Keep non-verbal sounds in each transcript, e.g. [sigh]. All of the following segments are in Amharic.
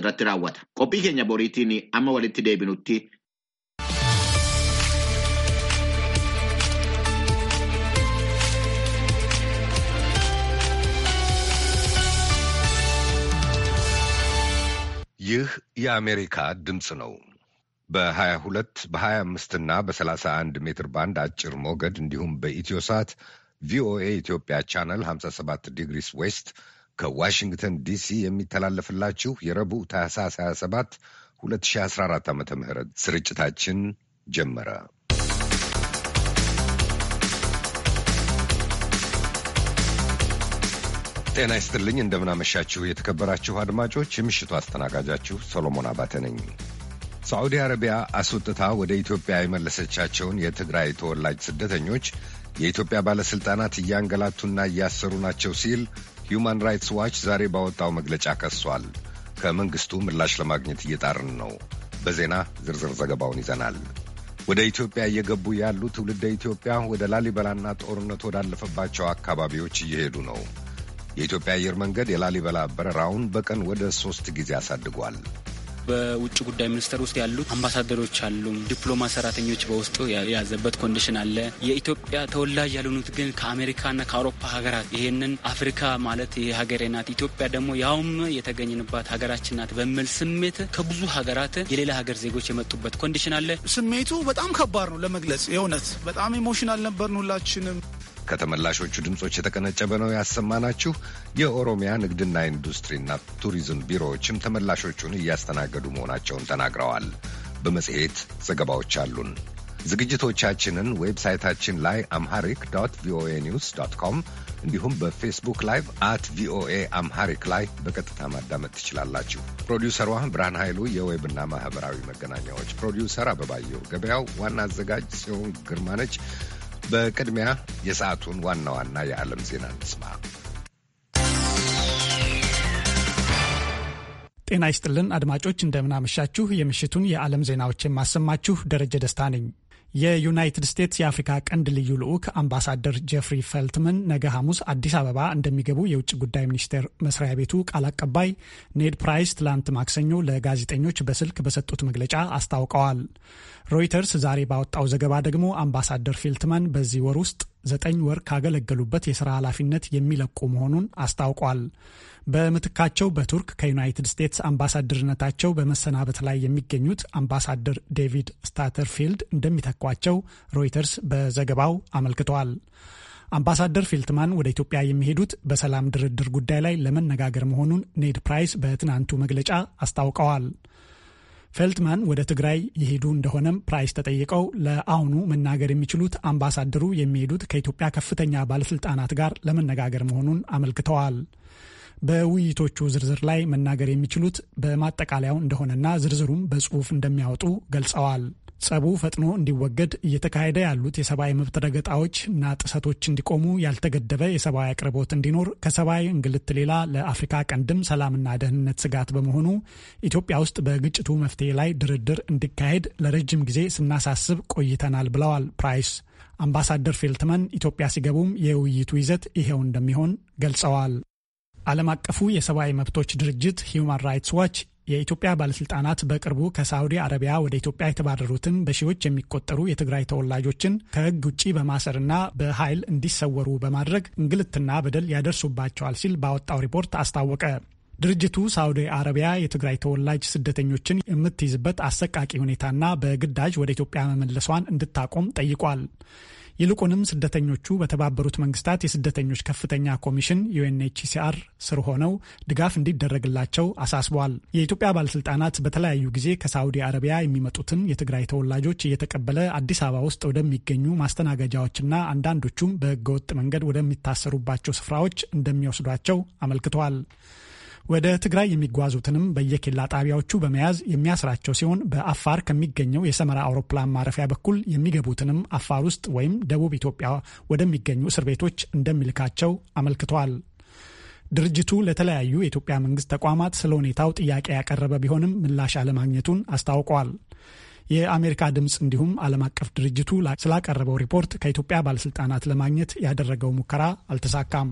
irratti raawwata. Qophii keenya boriitiin amma walitti deebinutti. ይህ የአሜሪካ ድምፅ ነው። በ22 በ25 እና በ31 ሜትር ባንድ አጭር ሞገድ እንዲሁም ሳት ቪኦኤ ኢትዮጵያ ቻናል 57 ዲግሪስ ዌስት ከዋሽንግተን ዲሲ የሚተላለፍላችሁ የረቡዕ ታህሳስ 27 2014 ዓ ም ስርጭታችን ጀመረ። ጤና ይስጥልኝ። እንደምናመሻችሁ የተከበራችሁ አድማጮች፣ የምሽቱ አስተናጋጃችሁ ሰሎሞን አባተ ነኝ። ሳዑዲ አረቢያ አስወጥታ ወደ ኢትዮጵያ የመለሰቻቸውን የትግራይ ተወላጅ ስደተኞች የኢትዮጵያ ባለሥልጣናት እያንገላቱና እያሰሩ ናቸው ሲል ሁማን ራይትስ ዋች ዛሬ ባወጣው መግለጫ ከሷል። ከመንግሥቱ ምላሽ ለማግኘት እየጣርን ነው። በዜና ዝርዝር ዘገባውን ይዘናል። ወደ ኢትዮጵያ እየገቡ ያሉ ትውልደ ኢትዮጵያ ወደ ላሊበላና ጦርነት ወዳለፈባቸው አካባቢዎች እየሄዱ ነው። የኢትዮጵያ አየር መንገድ የላሊበላ በረራውን በቀን ወደ ሦስት ጊዜ አሳድጓል። በውጭ ጉዳይ ሚኒስቴር ውስጥ ያሉት አምባሳደሮች አሉ፣ ዲፕሎማ ሰራተኞች በውስጡ የያዘበት ኮንዲሽን አለ። የኢትዮጵያ ተወላጅ ያልሆኑት ግን ከአሜሪካና ከአውሮፓ ሀገራት ይሄንን አፍሪካ ማለት ሀገሬ ናት ኢትዮጵያ ደግሞ ያውም የተገኘንባት ሀገራችን ናት በሚል ስሜት ከብዙ ሀገራት የሌላ ሀገር ዜጎች የመጡበት ኮንዲሽን አለ። ስሜቱ በጣም ከባድ ነው ለመግለጽ የእውነት በጣም ኢሞሽናል ነበርን ሁላችንም። ከተመላሾቹ ድምፆች የተቀነጨበ ነው ያሰማናችሁ። የኦሮሚያ ንግድና ኢንዱስትሪና ቱሪዝም ቢሮዎችም ተመላሾቹን እያስተናገዱ መሆናቸውን ተናግረዋል። በመጽሔት ዘገባዎች አሉን። ዝግጅቶቻችንን ዌብሳይታችን ላይ አምሃሪክ ዶት ቪኦኤ ኒውስ ዶት ኮም እንዲሁም በፌስቡክ ላይቭ አት ቪኦኤ አምሃሪክ ላይ በቀጥታ ማዳመጥ ትችላላችሁ። ፕሮዲውሰሯ ብርሃን ኃይሉ፣ የዌብና ማኅበራዊ መገናኛዎች ፕሮዲውሰር አበባየሁ ገበያው፣ ዋና አዘጋጅ ጽዮን ግርማነች በቅድሚያ የሰዓቱን ዋና ዋና የዓለም ዜና እንስማ። ጤና ይስጥልን አድማጮች፣ እንደምናመሻችሁ። የምሽቱን የዓለም ዜናዎች የማሰማችሁ ደረጀ ደስታ ነኝ። የዩናይትድ ስቴትስ የአፍሪካ ቀንድ ልዩ ልዑክ አምባሳደር ጀፍሪ ፈልትመን ነገ ሐሙስ አዲስ አበባ እንደሚገቡ የውጭ ጉዳይ ሚኒስቴር መስሪያ ቤቱ ቃል አቀባይ ኔድ ፕራይስ ትላንት ማክሰኞ ለጋዜጠኞች በስልክ በሰጡት መግለጫ አስታውቀዋል። ሮይተርስ ዛሬ ባወጣው ዘገባ ደግሞ አምባሳደር ፊልትመን በዚህ ወር ውስጥ ዘጠኝ ወር ካገለገሉበት የሥራ ኃላፊነት የሚለቁ መሆኑን አስታውቋል። በምትካቸው በቱርክ ከዩናይትድ ስቴትስ አምባሳደርነታቸው በመሰናበት ላይ የሚገኙት አምባሳደር ዴቪድ ስታተርፊልድ እንደሚተኳቸው ሮይተርስ በዘገባው አመልክተዋል። አምባሳደር ፊልትማን ወደ ኢትዮጵያ የሚሄዱት በሰላም ድርድር ጉዳይ ላይ ለመነጋገር መሆኑን ኔድ ፕራይስ በትናንቱ መግለጫ አስታውቀዋል። ፌልትማን ወደ ትግራይ የሄዱ እንደሆነም ፕራይስ ተጠይቀው ለአሁኑ መናገር የሚችሉት አምባሳደሩ የሚሄዱት ከኢትዮጵያ ከፍተኛ ባለስልጣናት ጋር ለመነጋገር መሆኑን አመልክተዋል። በውይይቶቹ ዝርዝር ላይ መናገር የሚችሉት በማጠቃለያው እንደሆነና ዝርዝሩም በጽሁፍ እንደሚያወጡ ገልጸዋል። ጸቡ ፈጥኖ እንዲወገድ እየተካሄደ ያሉት የሰብአዊ መብት ረገጣዎች እና ጥሰቶች እንዲቆሙ፣ ያልተገደበ የሰብአዊ አቅርቦት እንዲኖር ከሰብአዊ እንግልት ሌላ ለአፍሪካ ቀንድም ሰላምና ደህንነት ስጋት በመሆኑ ኢትዮጵያ ውስጥ በግጭቱ መፍትሄ ላይ ድርድር እንዲካሄድ ለረጅም ጊዜ ስናሳስብ ቆይተናል ብለዋል ፕራይስ። አምባሳደር ፌልትመን ኢትዮጵያ ሲገቡም የውይይቱ ይዘት ይሄው እንደሚሆን ገልጸዋል። ዓለም አቀፉ የሰብአዊ መብቶች ድርጅት ሂዩማን ራይትስ ዋች የኢትዮጵያ ባለስልጣናት በቅርቡ ከሳዑዲ አረቢያ ወደ ኢትዮጵያ የተባረሩትን በሺዎች የሚቆጠሩ የትግራይ ተወላጆችን ከሕግ ውጭ በማሰርና በኃይል እንዲሰወሩ በማድረግ እንግልትና በደል ያደርሱባቸዋል ሲል ባወጣው ሪፖርት አስታወቀ። ድርጅቱ ሳዑዲ አረቢያ የትግራይ ተወላጅ ስደተኞችን የምትይዝበት አሰቃቂ ሁኔታና በግዳጅ ወደ ኢትዮጵያ መመለሷን እንድታቆም ጠይቋል። ይልቁንም ስደተኞቹ በተባበሩት መንግስታት የስደተኞች ከፍተኛ ኮሚሽን ዩኤንኤችሲአር ስር ሆነው ድጋፍ እንዲደረግላቸው አሳስበዋል። የኢትዮጵያ ባለስልጣናት በተለያዩ ጊዜ ከሳዑዲ አረቢያ የሚመጡትን የትግራይ ተወላጆች እየተቀበለ አዲስ አበባ ውስጥ ወደሚገኙ ማስተናገጃዎችና አንዳንዶቹም በህገወጥ መንገድ ወደሚታሰሩባቸው ስፍራዎች እንደሚወስዷቸው አመልክተዋል። ወደ ትግራይ የሚጓዙትንም በየኬላ ጣቢያዎቹ በመያዝ የሚያስራቸው ሲሆን በአፋር ከሚገኘው የሰመራ አውሮፕላን ማረፊያ በኩል የሚገቡትንም አፋር ውስጥ ወይም ደቡብ ኢትዮጵያ ወደሚገኙ እስር ቤቶች እንደሚልካቸው አመልክቷል። ድርጅቱ ለተለያዩ የኢትዮጵያ መንግስት ተቋማት ስለ ሁኔታው ጥያቄ ያቀረበ ቢሆንም ምላሽ አለማግኘቱን አስታውቋል። የአሜሪካ ድምፅ እንዲሁም ዓለም አቀፍ ድርጅቱ ስላቀረበው ሪፖርት ከኢትዮጵያ ባለስልጣናት ለማግኘት ያደረገው ሙከራ አልተሳካም።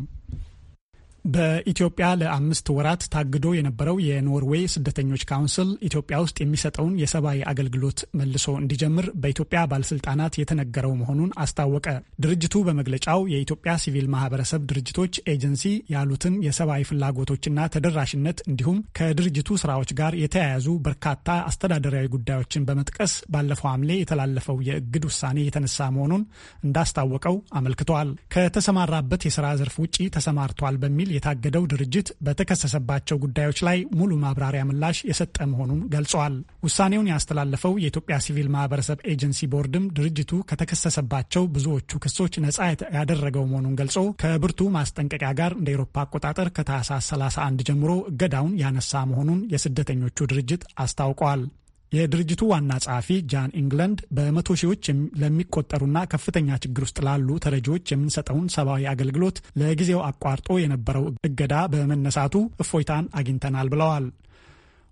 በኢትዮጵያ ለአምስት ወራት ታግዶ የነበረው የኖርዌይ ስደተኞች ካውንስል ኢትዮጵያ ውስጥ የሚሰጠውን የሰብአዊ አገልግሎት መልሶ እንዲጀምር በኢትዮጵያ ባለስልጣናት የተነገረው መሆኑን አስታወቀ። ድርጅቱ በመግለጫው የኢትዮጵያ ሲቪል ማህበረሰብ ድርጅቶች ኤጀንሲ ያሉትን የሰብአዊ ፍላጎቶችና ተደራሽነት እንዲሁም ከድርጅቱ ስራዎች ጋር የተያያዙ በርካታ አስተዳደራዊ ጉዳዮችን በመጥቀስ ባለፈው ሐምሌ የተላለፈው የእግድ ውሳኔ የተነሳ መሆኑን እንዳስታወቀው አመልክቷል። ከተሰማራበት የስራ ዘርፍ ውጪ ተሰማርቷል በሚል የታገደው ድርጅት በተከሰሰባቸው ጉዳዮች ላይ ሙሉ ማብራሪያ ምላሽ የሰጠ መሆኑን ገልጿል። ውሳኔውን ያስተላለፈው የኢትዮጵያ ሲቪል ማህበረሰብ ኤጀንሲ ቦርድም ድርጅቱ ከተከሰሰባቸው ብዙዎቹ ክሶች ነጻ ያደረገው መሆኑን ገልጾ ከብርቱ ማስጠንቀቂያ ጋር እንደ ኤሮፓ አቆጣጠር ከታህሳስ 31 ጀምሮ እገዳውን ያነሳ መሆኑን የስደተኞቹ ድርጅት አስታውቋል። የድርጅቱ ዋና ጸሐፊ ጃን ኢንግለንድ በመቶ ሺዎች ለሚቆጠሩና ከፍተኛ ችግር ውስጥ ላሉ ተረጂዎች የምንሰጠውን ሰብአዊ አገልግሎት ለጊዜው አቋርጦ የነበረው እገዳ በመነሳቱ እፎይታን አግኝተናል ብለዋል።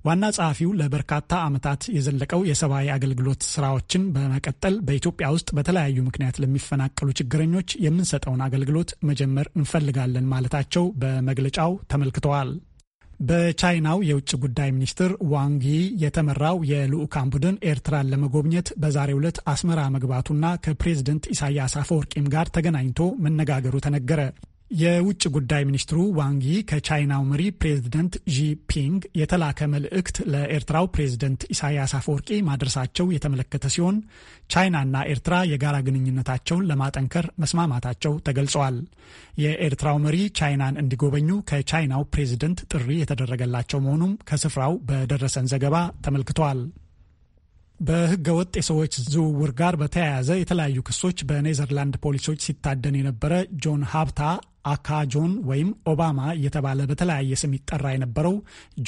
ዋና ጸሐፊው ለበርካታ ዓመታት የዘለቀው የሰብአዊ አገልግሎት ስራዎችን በመቀጠል በኢትዮጵያ ውስጥ በተለያዩ ምክንያት ለሚፈናቀሉ ችግረኞች የምንሰጠውን አገልግሎት መጀመር እንፈልጋለን ማለታቸው በመግለጫው ተመልክተዋል። በቻይናው የውጭ ጉዳይ ሚኒስትር ዋንጊ የተመራው የልዑካን ቡድን ኤርትራን ለመጎብኘት በዛሬው ዕለት አስመራ መግባቱና ከፕሬዝደንት ኢሳያስ አፈወርቂም ጋር ተገናኝቶ መነጋገሩ ተነገረ። የውጭ ጉዳይ ሚኒስትሩ ዋንጊ ከቻይናው መሪ ፕሬዝደንት ዢፒንግ የተላከ መልእክት ለኤርትራው ፕሬዝደንት ኢሳያስ አፈወርቂ ማድረሳቸው የተመለከተ ሲሆን ቻይናና ኤርትራ የጋራ ግንኙነታቸውን ለማጠንከር መስማማታቸው ተገልጸዋል። የኤርትራው መሪ ቻይናን እንዲጎበኙ ከቻይናው ፕሬዝደንት ጥሪ የተደረገላቸው መሆኑም ከስፍራው በደረሰን ዘገባ ተመልክተዋል። በህገ ወጥ የሰዎች ዝውውር ጋር በተያያዘ የተለያዩ ክሶች በኔዘርላንድ ፖሊሶች ሲታደን የነበረ ጆን ሀብታ አካጆን ወይም ኦባማ እየተባለ በተለያየ ስም ይጠራ የነበረው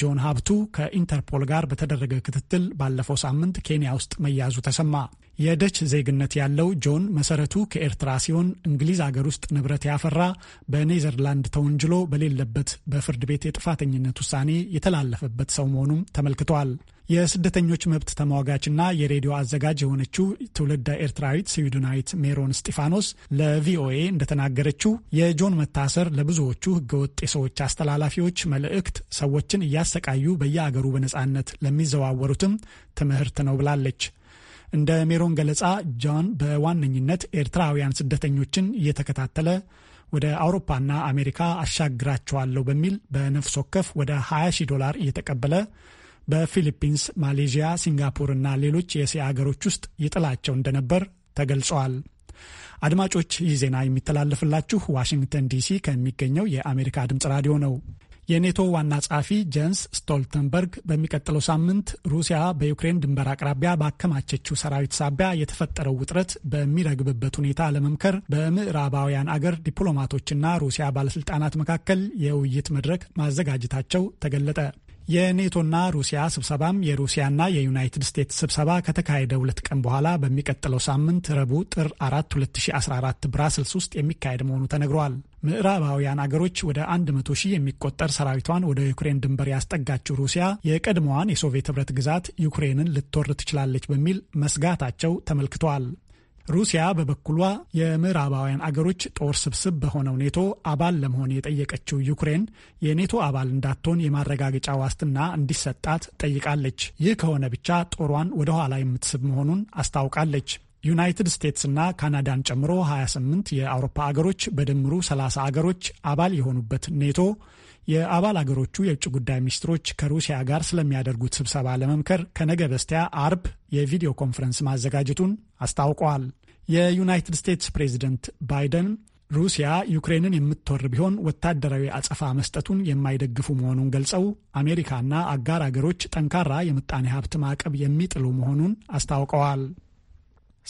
ጆን ሀብቱ ከኢንተርፖል ጋር በተደረገ ክትትል ባለፈው ሳምንት ኬንያ ውስጥ መያዙ ተሰማ። የደች ዜግነት ያለው ጆን መሰረቱ ከኤርትራ ሲሆን እንግሊዝ አገር ውስጥ ንብረት ያፈራ በኔዘርላንድ ተወንጅሎ በሌለበት በፍርድ ቤት የጥፋተኝነት ውሳኔ የተላለፈበት ሰው መሆኑም ተመልክቷል። የስደተኞች መብት ተሟጋችና የሬዲዮ አዘጋጅ የሆነችው ትውልድ ኤርትራዊት ስዊድናዊት ሜሮን ስጢፋኖስ ለቪኦኤ እንደተናገረችው የጆን መታሰር ለብዙዎቹ ህገወጥ የሰዎች አስተላላፊዎች መልእክት፣ ሰዎችን እያሰቃዩ በየአገሩ በነጻነት ለሚዘዋወሩትም ትምህርት ነው ብላለች። እንደ ሜሮን ገለጻ ጆን በዋነኝነት ኤርትራውያን ስደተኞችን እየተከታተለ ወደ አውሮፓና አሜሪካ አሻግራቸዋለሁ በሚል በነፍስ ወከፍ ወደ 20 ሺህ ዶላር እየተቀበለ በፊሊፒንስ፣ ማሌዥያ፣ ሲንጋፖር እና ሌሎች የእስያ አገሮች ውስጥ ይጥላቸው እንደነበር ተገልጸዋል። አድማጮች ይህ ዜና የሚተላለፍላችሁ ዋሽንግተን ዲሲ ከሚገኘው የአሜሪካ ድምጽ ራዲዮ ነው። የኔቶ ዋና ጸሐፊ ጀንስ ስቶልተንበርግ በሚቀጥለው ሳምንት ሩሲያ በዩክሬን ድንበር አቅራቢያ ባከማቸችው ሰራዊት ሳቢያ የተፈጠረው ውጥረት በሚረግብበት ሁኔታ ለመምከር በምዕራባውያን አገር ዲፕሎማቶችና ሩሲያ ባለስልጣናት መካከል የውይይት መድረክ ማዘጋጀታቸው ተገለጠ። የኔቶና ሩሲያ ስብሰባም የሩሲያና የዩናይትድ ስቴትስ ስብሰባ ከተካሄደ ሁለት ቀን በኋላ በሚቀጥለው ሳምንት ረቡዕ ጥር 4 2014 ብራስልስ ውስጥ የሚካሄድ መሆኑ ተነግሯል። ምዕራባውያን አገሮች ወደ 100 ሺህ የሚቆጠር ሰራዊቷን ወደ ዩክሬን ድንበር ያስጠጋችው ሩሲያ የቀድሞዋን የሶቪየት ህብረት ግዛት ዩክሬንን ልትወር ትችላለች በሚል መስጋታቸው ተመልክተዋል። ሩሲያ በበኩሏ የምዕራባውያን አገሮች ጦር ስብስብ በሆነው ኔቶ አባል ለመሆን የጠየቀችው ዩክሬን የኔቶ አባል እንዳትሆን የማረጋገጫ ዋስትና እንዲሰጣት ጠይቃለች። ይህ ከሆነ ብቻ ጦሯን ወደ ኋላ የምትስብ መሆኑን አስታውቃለች። ዩናይትድ ስቴትስና ካናዳን ጨምሮ 28 የአውሮፓ አገሮች በድምሩ 30 አገሮች አባል የሆኑበት ኔቶ የአባል አገሮቹ የውጭ ጉዳይ ሚኒስትሮች ከሩሲያ ጋር ስለሚያደርጉት ስብሰባ ለመምከር ከነገ በስቲያ አርብ የቪዲዮ ኮንፈረንስ ማዘጋጀቱን አስታውቀዋል። የዩናይትድ ስቴትስ ፕሬዚደንት ባይደን ሩሲያ ዩክሬንን የምትወር ቢሆን ወታደራዊ አጸፋ መስጠቱን የማይደግፉ መሆኑን ገልጸው አሜሪካና አጋር አገሮች ጠንካራ የምጣኔ ሀብት ማዕቀብ የሚጥሉ መሆኑን አስታውቀዋል።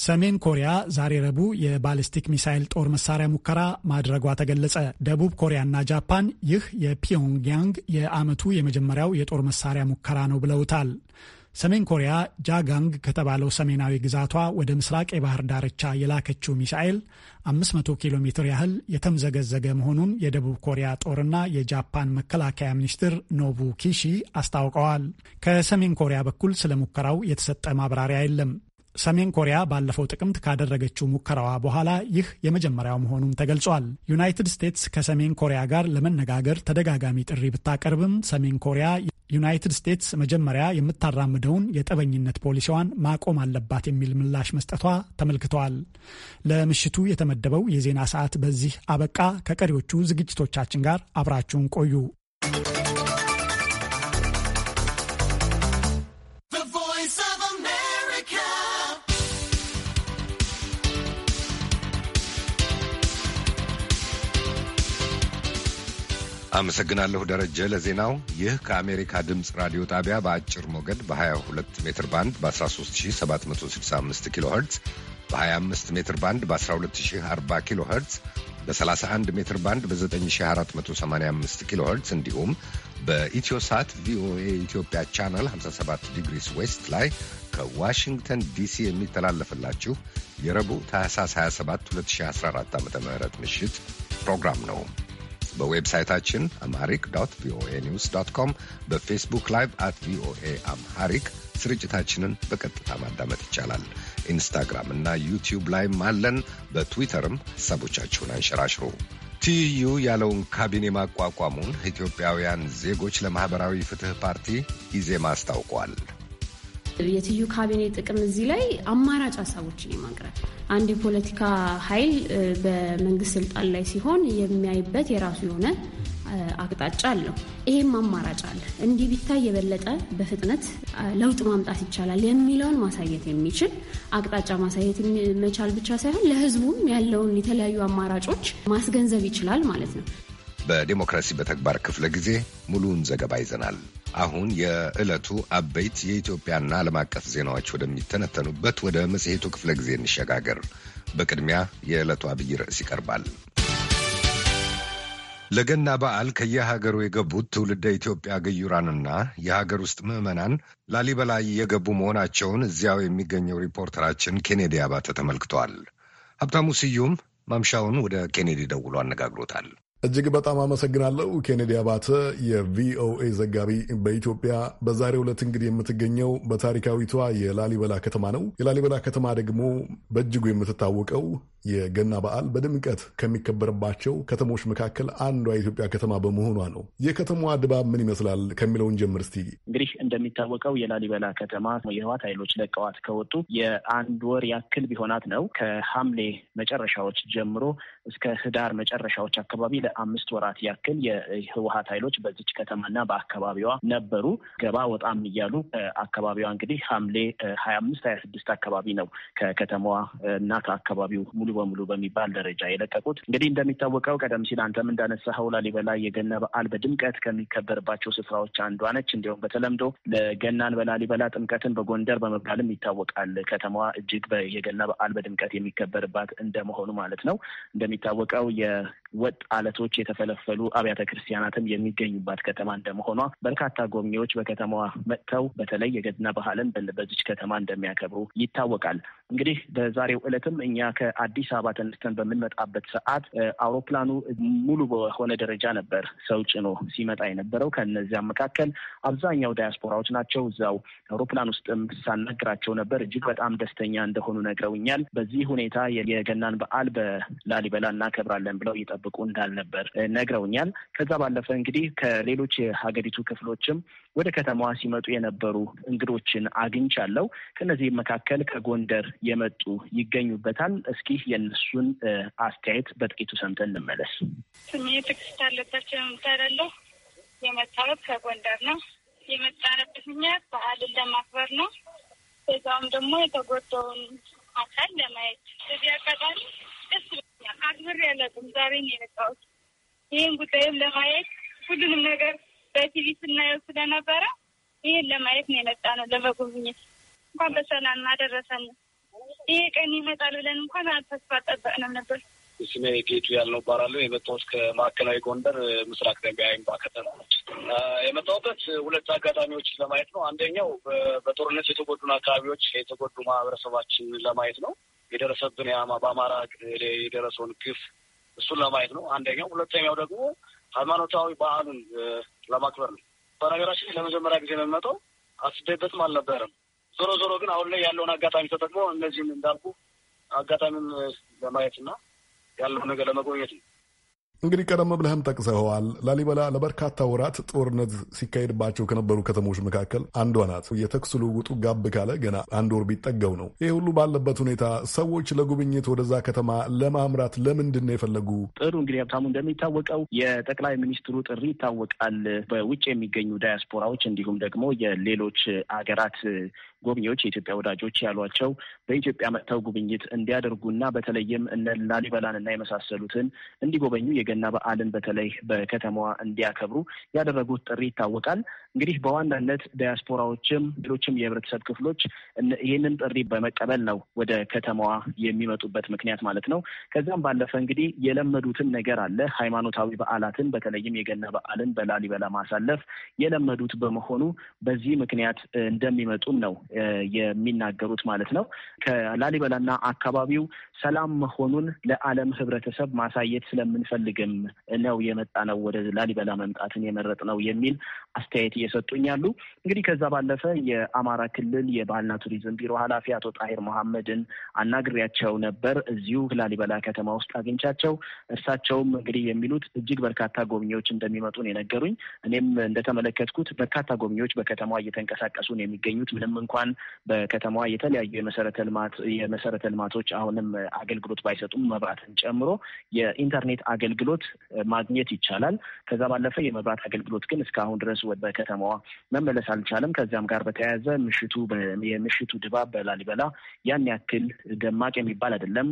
ሰሜን ኮሪያ ዛሬ ረቡዕ የባሊስቲክ ሚሳይል ጦር መሳሪያ ሙከራ ማድረጓ ተገለጸ። ደቡብ ኮሪያና ጃፓን ይህ የፒዮንግያንግ የዓመቱ የመጀመሪያው የጦር መሳሪያ ሙከራ ነው ብለውታል። ሰሜን ኮሪያ ጃጋንግ ከተባለው ሰሜናዊ ግዛቷ ወደ ምስራቅ የባህር ዳርቻ የላከችው ሚሳኤል 500 ኪሎ ሜትር ያህል የተምዘገዘገ መሆኑን የደቡብ ኮሪያ ጦርና የጃፓን መከላከያ ሚኒስትር ኖቡ ኪሺ አስታውቀዋል። ከሰሜን ኮሪያ በኩል ስለ ሙከራው የተሰጠ ማብራሪያ የለም። ሰሜን ኮሪያ ባለፈው ጥቅምት ካደረገችው ሙከራዋ በኋላ ይህ የመጀመሪያው መሆኑም ተገልጿል። ዩናይትድ ስቴትስ ከሰሜን ኮሪያ ጋር ለመነጋገር ተደጋጋሚ ጥሪ ብታቀርብም ሰሜን ኮሪያ ዩናይትድ ስቴትስ መጀመሪያ የምታራምደውን የጠበኝነት ፖሊሲዋን ማቆም አለባት የሚል ምላሽ መስጠቷ ተመልክተዋል። ለምሽቱ የተመደበው የዜና ሰዓት በዚህ አበቃ። ከቀሪዎቹ ዝግጅቶቻችን ጋር አብራችሁን ቆዩ። አመሰግናለሁ ደረጀ ለዜናው። ይህ ከአሜሪካ ድምፅ ራዲዮ ጣቢያ በአጭር ሞገድ በ22 ሜትር ባንድ በ13765 ኪሎ ኸርትዝ በ25 ሜትር ባንድ በ1240 ኪሎ ኸርትዝ በ31 ሜትር ባንድ በ9485 ኪሎ ኸርትዝ እንዲሁም በኢትዮሳት ቪኦኤ ኢትዮጵያ ቻናል 57 ዲግሪስ ዌስት ላይ ከዋሽንግተን ዲሲ የሚተላለፍላችሁ የረቡዕ ታህሳስ 27 2014 ዓ ም ምሽት ፕሮግራም ነው። በዌብሳይታችን አማሪክ ዶት ቪኦኤ ኒውስ ዶት ኮም፣ በፌስቡክ ላይቭ አት ቪኦኤ አምሃሪክ ስርጭታችንን በቀጥታ ማዳመጥ ይቻላል። ኢንስታግራም እና ዩቲዩብ ላይም አለን። በትዊተርም ሀሳቦቻችሁን አንሸራሽሩ። ትይዩ ያለውን ካቢኔ ማቋቋሙን ኢትዮጵያውያን ዜጎች ለማኅበራዊ ፍትሕ ፓርቲ ኢዜማ አስታውቋል። የትዩ ካቢኔ ጥቅም እዚህ ላይ አማራጭ ሀሳቦችን የማቅረብ አንድ የፖለቲካ ኃይል በመንግስት ስልጣን ላይ ሲሆን የሚያይበት የራሱ የሆነ አቅጣጫ አለው። ይሄም አማራጭ አለ። እንዲህ ቢታይ የበለጠ በፍጥነት ለውጥ ማምጣት ይቻላል የሚለውን ማሳየት የሚችል አቅጣጫ ማሳየት መቻል ብቻ ሳይሆን ለህዝቡም ያለውን የተለያዩ አማራጮች ማስገንዘብ ይችላል ማለት ነው። በዲሞክራሲ በተግባር ክፍለ ጊዜ ሙሉውን ዘገባ ይዘናል። አሁን የዕለቱ አበይት የኢትዮጵያና ዓለም አቀፍ ዜናዎች ወደሚተነተኑበት ወደ መጽሔቱ ክፍለ ጊዜ እንሸጋገር። በቅድሚያ የዕለቱ አብይ ርዕስ ይቀርባል። ለገና በዓል ከየሀገሩ የገቡት ትውልደ ኢትዮጵያ ግዩራንና የሀገር ውስጥ ምዕመናን ላሊበላ የገቡ መሆናቸውን እዚያው የሚገኘው ሪፖርተራችን ኬኔዲ አባተ ተመልክቷል። ሀብታሙ ስዩም ማምሻውን ወደ ኬኔዲ ደውሎ አነጋግሮታል። እጅግ በጣም አመሰግናለሁ ኬኔዲ አባተ፣ የቪኦኤ ዘጋቢ በኢትዮጵያ በዛሬው ዕለት እንግዲህ የምትገኘው በታሪካዊቷ የላሊበላ ከተማ ነው። የላሊበላ ከተማ ደግሞ በእጅጉ የምትታወቀው የገና በዓል በድምቀት ከሚከበርባቸው ከተሞች መካከል አንዷ የኢትዮጵያ ከተማ በመሆኗ ነው። የከተማዋ ድባብ ምን ይመስላል ከሚለውን ጀምር እስቲ። እንግዲህ እንደሚታወቀው የላሊበላ ከተማ የህዋት ኃይሎች ለቀዋት ከወጡ የአንድ ወር ያክል ቢሆናት ነው። ከሐምሌ መጨረሻዎች ጀምሮ እስከ ህዳር መጨረሻዎች አካባቢ ለአምስት ወራት ያክል የህወሀት ኃይሎች በዚች ከተማና በአካባቢዋ ነበሩ። ገባ ወጣም እያሉ አካባቢዋ እንግዲህ ሐምሌ ሀያ አምስት ሀያ ስድስት አካባቢ ነው ከከተማዋ እና ከአካባቢው ሙሉ በሙሉ በሚባል ደረጃ የለቀቁት። እንግዲህ እንደሚታወቀው ቀደም ሲል አንተም እንዳነሳኸው ላሊበላ የገና በዓል በድምቀት ከሚከበርባቸው ስፍራዎች አንዷ ነች። እንዲሁም በተለምዶ ለገናን በላሊበላ ጥምቀትን በጎንደር በመባልም ይታወቃል። ከተማዋ እጅግ የገና በዓል በድምቀት የሚከበርባት እንደመሆኑ ማለት ነው እንደሚ እንደሚታወቀው ወጥ አለቶች የተፈለፈሉ አብያተ ክርስቲያናትም የሚገኙባት ከተማ እንደመሆኗ በርካታ ጎብኚዎች በከተማዋ መጥተው በተለይ የገና ባህልን በዚች ከተማ እንደሚያከብሩ ይታወቃል። እንግዲህ በዛሬው ዕለትም እኛ ከአዲስ አበባ ተነስተን በምንመጣበት ሰዓት አውሮፕላኑ ሙሉ በሆነ ደረጃ ነበር ሰው ጭኖ ሲመጣ የነበረው። ከነዚያ መካከል አብዛኛው ዳያስፖራዎች ናቸው። እዛው አውሮፕላን ውስጥም ሳናግራቸው ነበር። እጅግ በጣም ደስተኛ እንደሆኑ ነግረውኛል። በዚህ ሁኔታ የገናን በዓል በላሊበላ እናከብራለን ብለው ይጠ ሲጠብቁ እንዳልነበር ነግረውኛል። ከዛ ባለፈ እንግዲህ ከሌሎች የሀገሪቱ ክፍሎችም ወደ ከተማዋ ሲመጡ የነበሩ እንግዶችን አግኝቻለሁ። ከእነዚህ መካከል ከጎንደር የመጡ ይገኙበታል። እስኪ የእነሱን አስተያየት በጥቂቱ ሰምተን እንመለስ። ስሜ ትዕግስት አለባቸው የምታደለው የመጣሁት ከጎንደር ነው። የመጣንበት ምክንያት በዓልን ለማክበር ነው። በዛውም ደግሞ የተጎዳውን አካል ለማየት እዚህ አጋጣሚ ደስ ብሎኛል። አክብሬ አላውቅም። ዛሬ ነው የመጣሁት። ይህን ጉዳይም ለማየት ሁሉንም ነገር በቲቪ ስናየው ስለነበረ ይህን ለማየት ነው የመጣ ነው ለመጎብኘት። እንኳን በሰላም አደረሰን። ይሄ ቀን ይመጣል ብለን እንኳን ተስፋ አልጠበቅንም ነበር። ስሜ ጌቱ ያልነው እባላለሁ። የመጣሁት ከማዕከላዊ ጎንደር ምስራቅ ደንቢያ ይምባ ከተማ ነው። የመጣሁበት ሁለት አጋጣሚዎች ለማየት ነው። አንደኛው በጦርነት የተጎዱን አካባቢዎች የተጎዱ ማህበረሰባችን ለማየት ነው። የደረሰብን በአማራ የደረሰውን ግፍ እሱን ለማየት ነው አንደኛው። ሁለተኛው ደግሞ ሃይማኖታዊ በዓሉን ለማክበር ነው። በነገራችን ለመጀመሪያ ጊዜ የምንመጣው አስደበትም አልነበረም። ዞሮ ዞሮ ግን አሁን ላይ ያለውን አጋጣሚ ተጠቅሞ እነዚህም እንዳልኩ አጋጣሚም ለማየትና ያለውን ነገር ለመጎብኘት ነው። እንግዲህ ቀደም ብለህም ጠቅሰኸዋል። ላሊበላ ለበርካታ ወራት ጦርነት ሲካሄድባቸው ከነበሩ ከተሞች መካከል አንዷ ናት። የተኩስ ልውውጡ ጋብ ካለ ገና አንድ ወር ቢጠገው ነው። ይህ ሁሉ ባለበት ሁኔታ ሰዎች ለጉብኝት ወደዛ ከተማ ለማምራት ለምንድን ነው የፈለጉ? ጥሩ እንግዲህ ሀብታሙ፣ እንደሚታወቀው የጠቅላይ ሚኒስትሩ ጥሪ ይታወቃል። በውጭ የሚገኙ ዳያስፖራዎች እንዲሁም ደግሞ የሌሎች አገራት ጎብኚዎች የኢትዮጵያ ወዳጆች ያሏቸው በኢትዮጵያ መጥተው ጉብኝት እንዲያደርጉና በተለይም እነ እና የመሳሰሉትን እንዲጎበኙ የገና በዓልን በተለይ በከተማዋ እንዲያከብሩ ያደረጉት ጥሪ ይታወቃል። እንግዲህ በዋናነት ዲያስፖራዎችም ሌሎችም የህብረተሰብ ክፍሎች ይህንን ጥሪ በመቀበል ነው ወደ ከተማዋ የሚመጡበት ምክንያት ማለት ነው። ከዚያም ባለፈ እንግዲህ የለመዱትን ነገር አለ ሃይማኖታዊ በዓላትን በተለይም የገና በዓልን በላሊበላ ማሳለፍ የለመዱት በመሆኑ በዚህ ምክንያት እንደሚመጡም ነው የሚናገሩት ማለት ነው። ከላሊበላና አካባቢው ሰላም መሆኑን ለዓለም ህብረተሰብ ማሳየት ስለምንፈልግም ነው የመጣ ነው ወደ ላሊበላ መምጣትን የመረጥ ነው የሚል አስተያየት እየሰጡኝ ያሉ እንግዲህ ከዛ ባለፈ የአማራ ክልል የባህልና ቱሪዝም ቢሮ ኃላፊ አቶ ጣሂር መሐመድን አናግሬያቸው ነበር እዚሁ ላሊበላ ከተማ ውስጥ አግኝቻቸው እርሳቸውም እንግዲህ የሚሉት እጅግ በርካታ ጎብኚዎች እንደሚመጡ ነው የነገሩኝ። እኔም እንደተመለከትኩት በርካታ ጎብኚዎች በከተማዋ እየተንቀሳቀሱ ነው የሚገኙት ምንም እንኳን እንኳን በከተማዋ የተለያዩ የመሰረተ ልማት የመሰረተ ልማቶች አሁንም አገልግሎት ባይሰጡም መብራትን ጨምሮ የኢንተርኔት አገልግሎት ማግኘት ይቻላል። ከዛ ባለፈ የመብራት አገልግሎት ግን እስካሁን ድረስ በከተማዋ መመለስ አልቻለም። ከዚያም ጋር በተያያዘ ምሽቱ የምሽቱ ድባብ በላሊበላ ያን ያክል ደማቅ የሚባል አይደለም።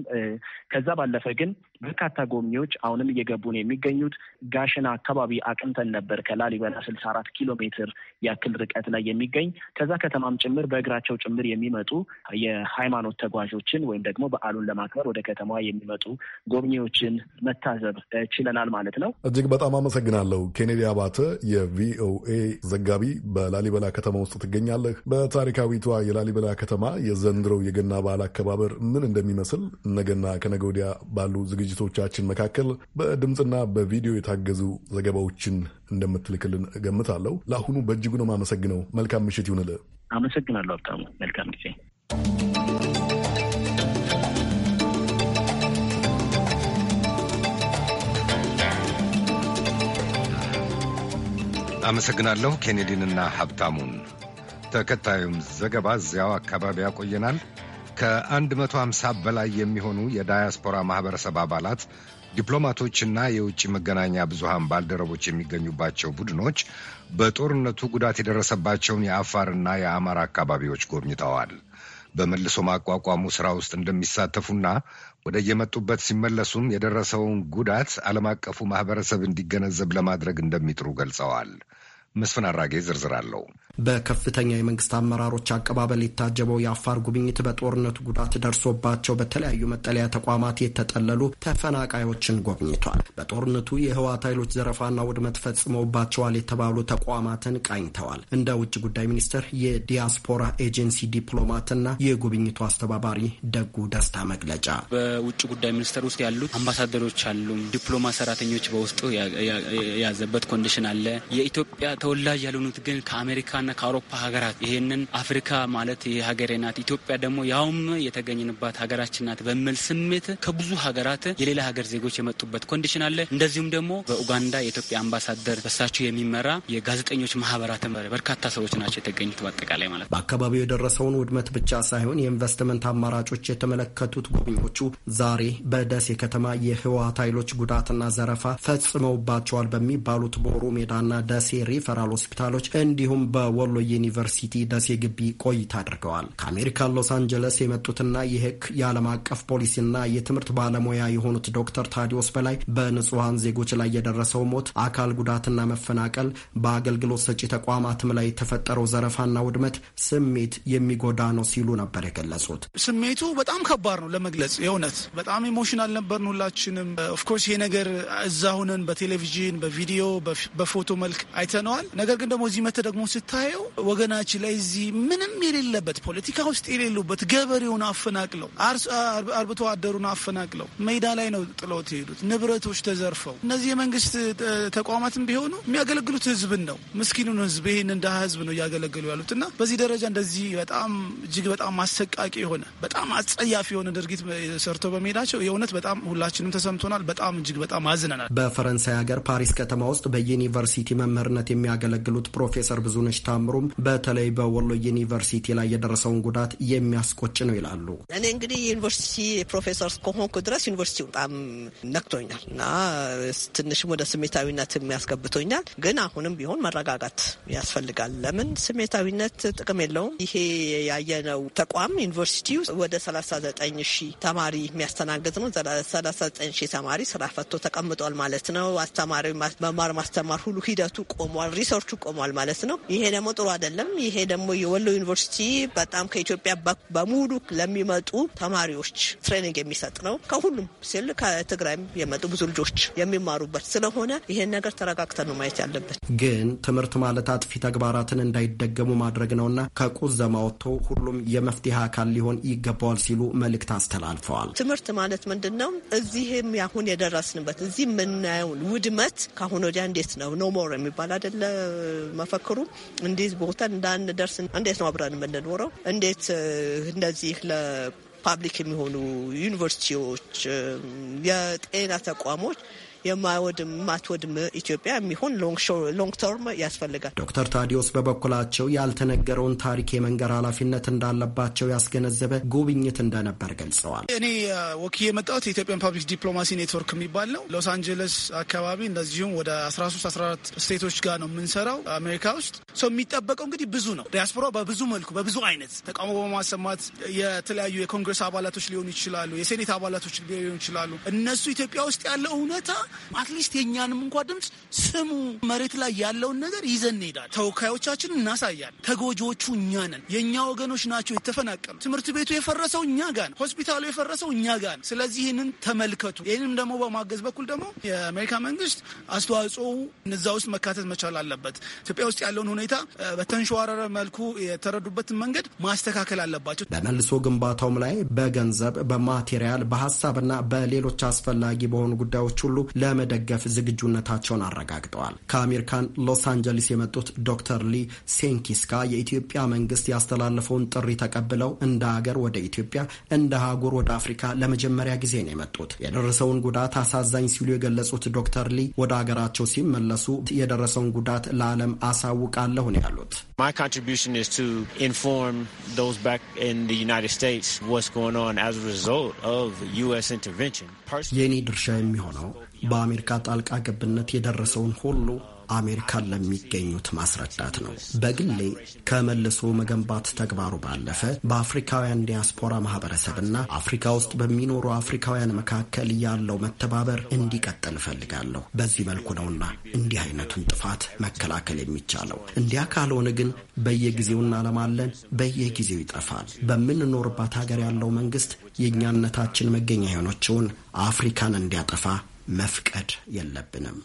ከዛ ባለፈ ግን በርካታ ጎብኚዎች አሁንም እየገቡ ነው የሚገኙት። ጋሽና አካባቢ አቅንተን ነበር። ከላሊበላ ስልሳ አራት ኪሎ ሜትር ያክል ርቀት ላይ የሚገኝ ከዛ ከተማም ጭምር በእግራቸው ጭምር የሚመጡ የሃይማኖት ተጓዦችን ወይም ደግሞ በዓሉን ለማክበር ወደ ከተማዋ የሚመጡ ጎብኚዎችን መታዘብ ችለናል ማለት ነው። እጅግ በጣም አመሰግናለሁ። ኬኔዲ አባተ የቪኦኤ ዘጋቢ በላሊበላ ከተማ ውስጥ ትገኛለህ። በታሪካዊቷ የላሊበላ ከተማ የዘንድሮው የገና በዓል አከባበር ምን እንደሚመስል ነገና ከነገ ወዲያ ባሉ ዝግጅት ዝግጅቶቻችን መካከል በድምፅና በቪዲዮ የታገዙ ዘገባዎችን እንደምትልክልን እገምታለሁ። ለአሁኑ በእጅጉ ነው የማመሰግነው። መልካም ምሽት ይሁንል። አመሰግናለሁ ሀብታሙ። መልካም ጊዜ። አመሰግናለሁ ኬኔዲንና ሀብታሙን። ተከታዩም ዘገባ እዚያው አካባቢ ያቆየናል። ከ150 በላይ የሚሆኑ የዳያስፖራ ማህበረሰብ አባላት ዲፕሎማቶችና የውጭ መገናኛ ብዙሃን ባልደረቦች የሚገኙባቸው ቡድኖች በጦርነቱ ጉዳት የደረሰባቸውን የአፋርና የአማራ አካባቢዎች ጎብኝተዋል። በመልሶ ማቋቋሙ ሥራ ውስጥ እንደሚሳተፉና ወደ የመጡበት ሲመለሱም የደረሰውን ጉዳት ዓለም አቀፉ ማህበረሰብ እንዲገነዘብ ለማድረግ እንደሚጥሩ ገልጸዋል። መስፍን አራጌ ዝርዝር አለው። በከፍተኛ የመንግስት አመራሮች አቀባበል የታጀበው የአፋር ጉብኝት በጦርነቱ ጉዳት ደርሶባቸው በተለያዩ መጠለያ ተቋማት የተጠለሉ ተፈናቃዮችን ጎብኝቷል። በጦርነቱ የህወሓት ኃይሎች ዘረፋና ውድመት ፈጽመውባቸዋል የተባሉ ተቋማትን ቃኝተዋል። እንደ ውጭ ጉዳይ ሚኒስቴር የዲያስፖራ ኤጀንሲ ዲፕሎማትና የጉብኝቱ አስተባባሪ ደጉ ደስታ መግለጫ በውጭ ጉዳይ ሚኒስቴር ውስጥ ያሉት አምባሳደሮች አሉ፣ ዲፕሎማ ሰራተኞች በውስጡ ያዘበት ኮንዲሽን አለ። የኢትዮጵያ ተወላጅ ያልሆኑት ግን ከአሜሪካና ከአውሮፓ ሀገራት ይህንን አፍሪካ ማለት የሀገሬ ናት ኢትዮጵያ ደግሞ ያውም የተገኘንባት ሀገራችን ናት በሚል ስሜት ከብዙ ሀገራት የሌላ ሀገር ዜጎች የመጡበት ኮንዲሽን አለ። እንደዚሁም ደግሞ በኡጋንዳ የኢትዮጵያ አምባሳደር በሳቸው የሚመራ የጋዜጠኞች ማህበራት በርካታ ሰዎች ናቸው የተገኙት። በአጠቃላይ ማለት በአካባቢው የደረሰውን ውድመት ብቻ ሳይሆን የኢንቨስትመንት አማራጮች የተመለከቱት ጎብኚዎቹ ዛሬ በደሴ ከተማ የህወሀት ኃይሎች ጉዳትና ዘረፋ ፈጽመውባቸዋል በሚባሉት ቦሩ ሜዳና ደሴ ሪፈ ሪፈራል ሆስፒታሎች እንዲሁም በወሎ ዩኒቨርሲቲ ደሴ ግቢ ቆይታ አድርገዋል። ከአሜሪካ ሎስ አንጀለስ የመጡትና የህግ የዓለም አቀፍ ፖሊሲና የትምህርት ባለሙያ የሆኑት ዶክተር ታዲዮስ በላይ በንጹሐን ዜጎች ላይ የደረሰው ሞት፣ አካል ጉዳትና መፈናቀል፣ በአገልግሎት ሰጪ ተቋማትም ላይ የተፈጠረው ዘረፋና ውድመት ስሜት የሚጎዳ ነው ሲሉ ነበር የገለጹት። ስሜቱ በጣም ከባድ ነው ለመግለጽ የእውነት በጣም ኢሞሽናል ነበርን ሁላችንም። ኦፍኮርስ ይሄ ነገር እዛ ሁነን በቴሌቪዥን በቪዲዮ በፎቶ መልክ አይተነዋል። ይመስላል። ነገር ግን ደግሞ እዚህ መተ ደግሞ ስታየው ወገናችን ላይ እዚህ ምንም የሌለበት ፖለቲካ ውስጥ የሌሉበት ገበሬውን አፈናቅለው አርብቶ አደሩን አፈናቅለው ሜዳ ላይ ነው ጥለውት የሄዱት። ንብረቶች ተዘርፈው እነዚህ የመንግስት ተቋማትም ቢሆኑ የሚያገለግሉት ህዝብን ነው፣ ምስኪኑን ህዝብ ይህን እንደ ህዝብ ነው እያገለገሉ ያሉት እና በዚህ ደረጃ እንደዚህ በጣም እጅግ በጣም አሰቃቂ የሆነ በጣም አጸያፊ የሆነ ድርጊት ሰርቶ በመሄዳቸው የእውነት በጣም ሁላችንም ተሰምቶናል። በጣም እጅግ በጣም አዝነናል። በፈረንሳይ ሀገር ፓሪስ ከተማ ውስጥ በዩኒቨርሲቲ መምህርነት የሚያ የሚያገለግሉት ፕሮፌሰር ብዙነሽ ታምሩም በተለይ በወሎ ዩኒቨርሲቲ ላይ የደረሰውን ጉዳት የሚያስቆጭ ነው ይላሉ። እኔ እንግዲህ ዩኒቨርሲቲ ፕሮፌሰር እስከሆንኩ ድረስ ዩኒቨርሲቲ በጣም ነክቶኛል እና ትንሽም ወደ ስሜታዊነት የሚያስገብቶኛል። ግን አሁንም ቢሆን መረጋጋት ያስፈልጋል። ለምን ስሜታዊነት ጥቅም የለውም። ይሄ ያየነው ተቋም ዩኒቨርሲቲው ወደ 39 ሺህ ተማሪ የሚያስተናግድ ነው። 39 ሺህ ተማሪ ስራ ፈቶ ተቀምጧል ማለት ነው። አስተማሪ መማር ማስተማር ሁሉ ሂደቱ ቆሟል። ሪሰርቹ ቆሟል ማለት ነው። ይሄ ደግሞ ጥሩ አይደለም። ይሄ ደግሞ የወሎ ዩኒቨርሲቲ በጣም ከኢትዮጵያ በሙሉ ለሚመጡ ተማሪዎች ትሬኒንግ የሚሰጥ ነው። ከሁሉም ሲል ከትግራይም የመጡ ብዙ ልጆች የሚማሩበት ስለሆነ ይሄን ነገር ተረጋግተን ነው ማየት ያለበት። ግን ትምህርት ማለት አጥፊ ተግባራትን እንዳይደገሙ ማድረግ ነውና ከቁዘማ ወጥቶ ሁሉም የመፍትሄ አካል ሊሆን ይገባዋል ሲሉ መልእክት አስተላልፈዋል። ትምህርት ማለት ምንድን ነው? እዚህም ያሁን የደረስንበት እዚህ የምናየውን ውድመት ከአሁን ወዲያ እንዴት ነው ኖሞር የሚባል አይደለም መፈክሩ እንዲህ ቦታ እንዳንደርስ እንዴት ነው አብረን የምንኖረው? እንዴት እንደዚህ ለፓብሊክ የሚሆኑ ዩኒቨርሲቲዎች፣ የጤና ተቋሞች የማወድም ማትወድም ኢትዮጵያ የሚሆን ሎንግ ተርም ያስፈልጋል። ዶክተር ታዲዮስ በበኩላቸው ያልተነገረውን ታሪክ የመንገር ኃላፊነት እንዳለባቸው ያስገነዘበ ጉብኝት እንደነበር ገልጸዋል። እኔ ወክዬ የመጣሁት የኢትዮጵያን ፐብሊክ ዲፕሎማሲ ኔትወርክ የሚባል ነው። ሎስ አንጀለስ አካባቢ እንደዚሁም ወደ 13 14 ስቴቶች ጋር ነው የምንሰራው አሜሪካ ውስጥ። ሰው የሚጠበቀው እንግዲህ ብዙ ነው። ዲያስፖራ በብዙ መልኩ በብዙ አይነት ተቃውሞ በማሰማት የተለያዩ የኮንግረስ አባላቶች ሊሆኑ ይችላሉ፣ የሴኔት አባላቶች ሊሆኑ ይችላሉ። እነሱ ኢትዮጵያ ውስጥ ያለው እውነታ አትሊስት የእኛንም እንኳ ድምፅ ስሙ። መሬት ላይ ያለውን ነገር ይዘን እንሄዳለን። ተወካዮቻችን እናሳያል። ተጎጂዎቹ እኛ ነን። የእኛ ወገኖች ናቸው የተፈናቀሉ። ትምህርት ቤቱ የፈረሰው እኛ ጋን ነው። ሆስፒታሉ የፈረሰው እኛ ጋን ነው። ስለዚህ ይህንን ተመልከቱ። ይህንም ደግሞ በማገዝ በኩል ደግሞ የአሜሪካ መንግስት አስተዋጽኦ እነዛ ውስጥ መካተት መቻል አለበት። ኢትዮጵያ ውስጥ ያለውን ሁኔታ በተንሸዋረረ መልኩ የተረዱበትን መንገድ ማስተካከል አለባቸው። በመልሶ ግንባታውም ላይ በገንዘብ በማቴሪያል፣ በሀሳብና በሌሎች አስፈላጊ በሆኑ ጉዳዮች ሁሉ ለመደገፍ ዝግጁነታቸውን አረጋግጠዋል። ከአሜሪካን ሎስ አንጀሊስ የመጡት ዶክተር ሊ ሴንኪስካ የኢትዮጵያ መንግስት ያስተላለፈውን ጥሪ ተቀብለው እንደ ሀገር ወደ ኢትዮጵያ እንደ ሀጉር ወደ አፍሪካ ለመጀመሪያ ጊዜ ነው የመጡት። የደረሰውን ጉዳት አሳዛኝ ሲሉ የገለጹት ዶክተር ሊ ወደ ሀገራቸው ሲመለሱ የደረሰውን ጉዳት ለዓለም አሳውቃለሁ ነው ያሉት። የእኔ ድርሻ የሚሆነው በአሜሪካ ጣልቃ ገብነት የደረሰውን ሁሉ አሜሪካን ለሚገኙት ማስረዳት ነው። በግሌ ከመልሶ መገንባት ተግባሩ ባለፈ በአፍሪካውያን ዲያስፖራ ማህበረሰብና አፍሪካ ውስጥ በሚኖሩ አፍሪካውያን መካከል ያለው መተባበር እንዲቀጥል እፈልጋለሁ። በዚህ መልኩ ነውና እንዲህ አይነቱን ጥፋት መከላከል የሚቻለው። እንዲያ ካልሆነ ግን በየጊዜው እናለማለን፣ በየጊዜው ይጠፋል። በምንኖርባት ሀገር ያለው መንግስት የእኛነታችን መገኛ የሆነችውን አፍሪካን እንዲያጠፋ መፍቀድ የለብንም።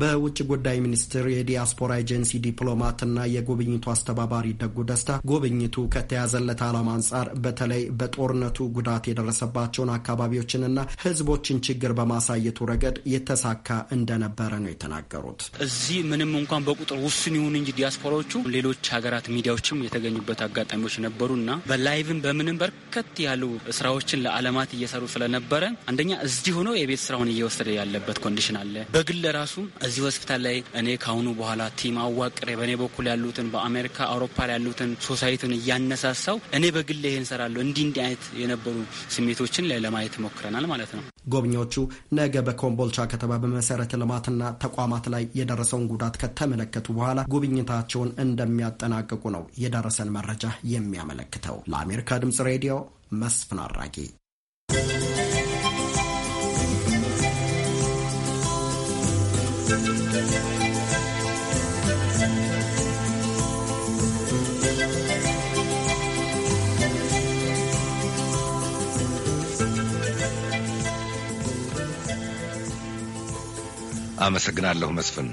በውጭ ጉዳይ ሚኒስቴር የዲያስፖራ ኤጀንሲ ዲፕሎማትና የጉብኝቱ አስተባባሪ ደጉ ደስታ ጉብኝቱ ከተያዘለት ዓላማ አንጻር በተለይ በጦርነቱ ጉዳት የደረሰባቸውን አካባቢዎችንና ሕዝቦችን ችግር በማሳየቱ ረገድ የተሳካ እንደነበረ ነው የተናገሩት። እዚህ ምንም እንኳን በቁጥር ውስን ይሁን እንጂ ዲያስፖራዎቹ ሌሎች ሀገራት ሚዲያዎችም የተገኙበት አጋጣሚዎች ነበሩና በላይቭን በምንም በርከት ያሉ ስራዎችን ለዓለማት እየሰሩ ስለነበረ አንደኛ እዚህ ሆኖ የቤት ስራውን እየወሰደ ያለበት ኮንዲሽን አለ። በግል ራሱ እዚህ ሆስፒታል ላይ እኔ ከአሁኑ በኋላ ቲም አዋቅሬ በእኔ በኩል ያሉትን በአሜሪካ አውሮፓ ላይ ያሉትን ሶሳይቲን እያነሳሳው እኔ በግል ይህን ሰራለሁ። እንዲህ እንዲህ አይነት የነበሩ ስሜቶችን ላይ ለማየት ሞክረናል ማለት ነው። ጎብኚዎቹ ነገ በኮምቦልቻ ከተማ በመሰረተ ልማትና ተቋማት ላይ የደረሰውን ጉዳት ከተመለከቱ በኋላ ጉብኝታቸውን እንደሚያጠናቅቁ ነው የደረሰን መረጃ የሚያመለክተው። ለአሜሪካ ድምጽ ሬዲዮ መስፍን አራጌ አመሰግናለሁ መስፍን።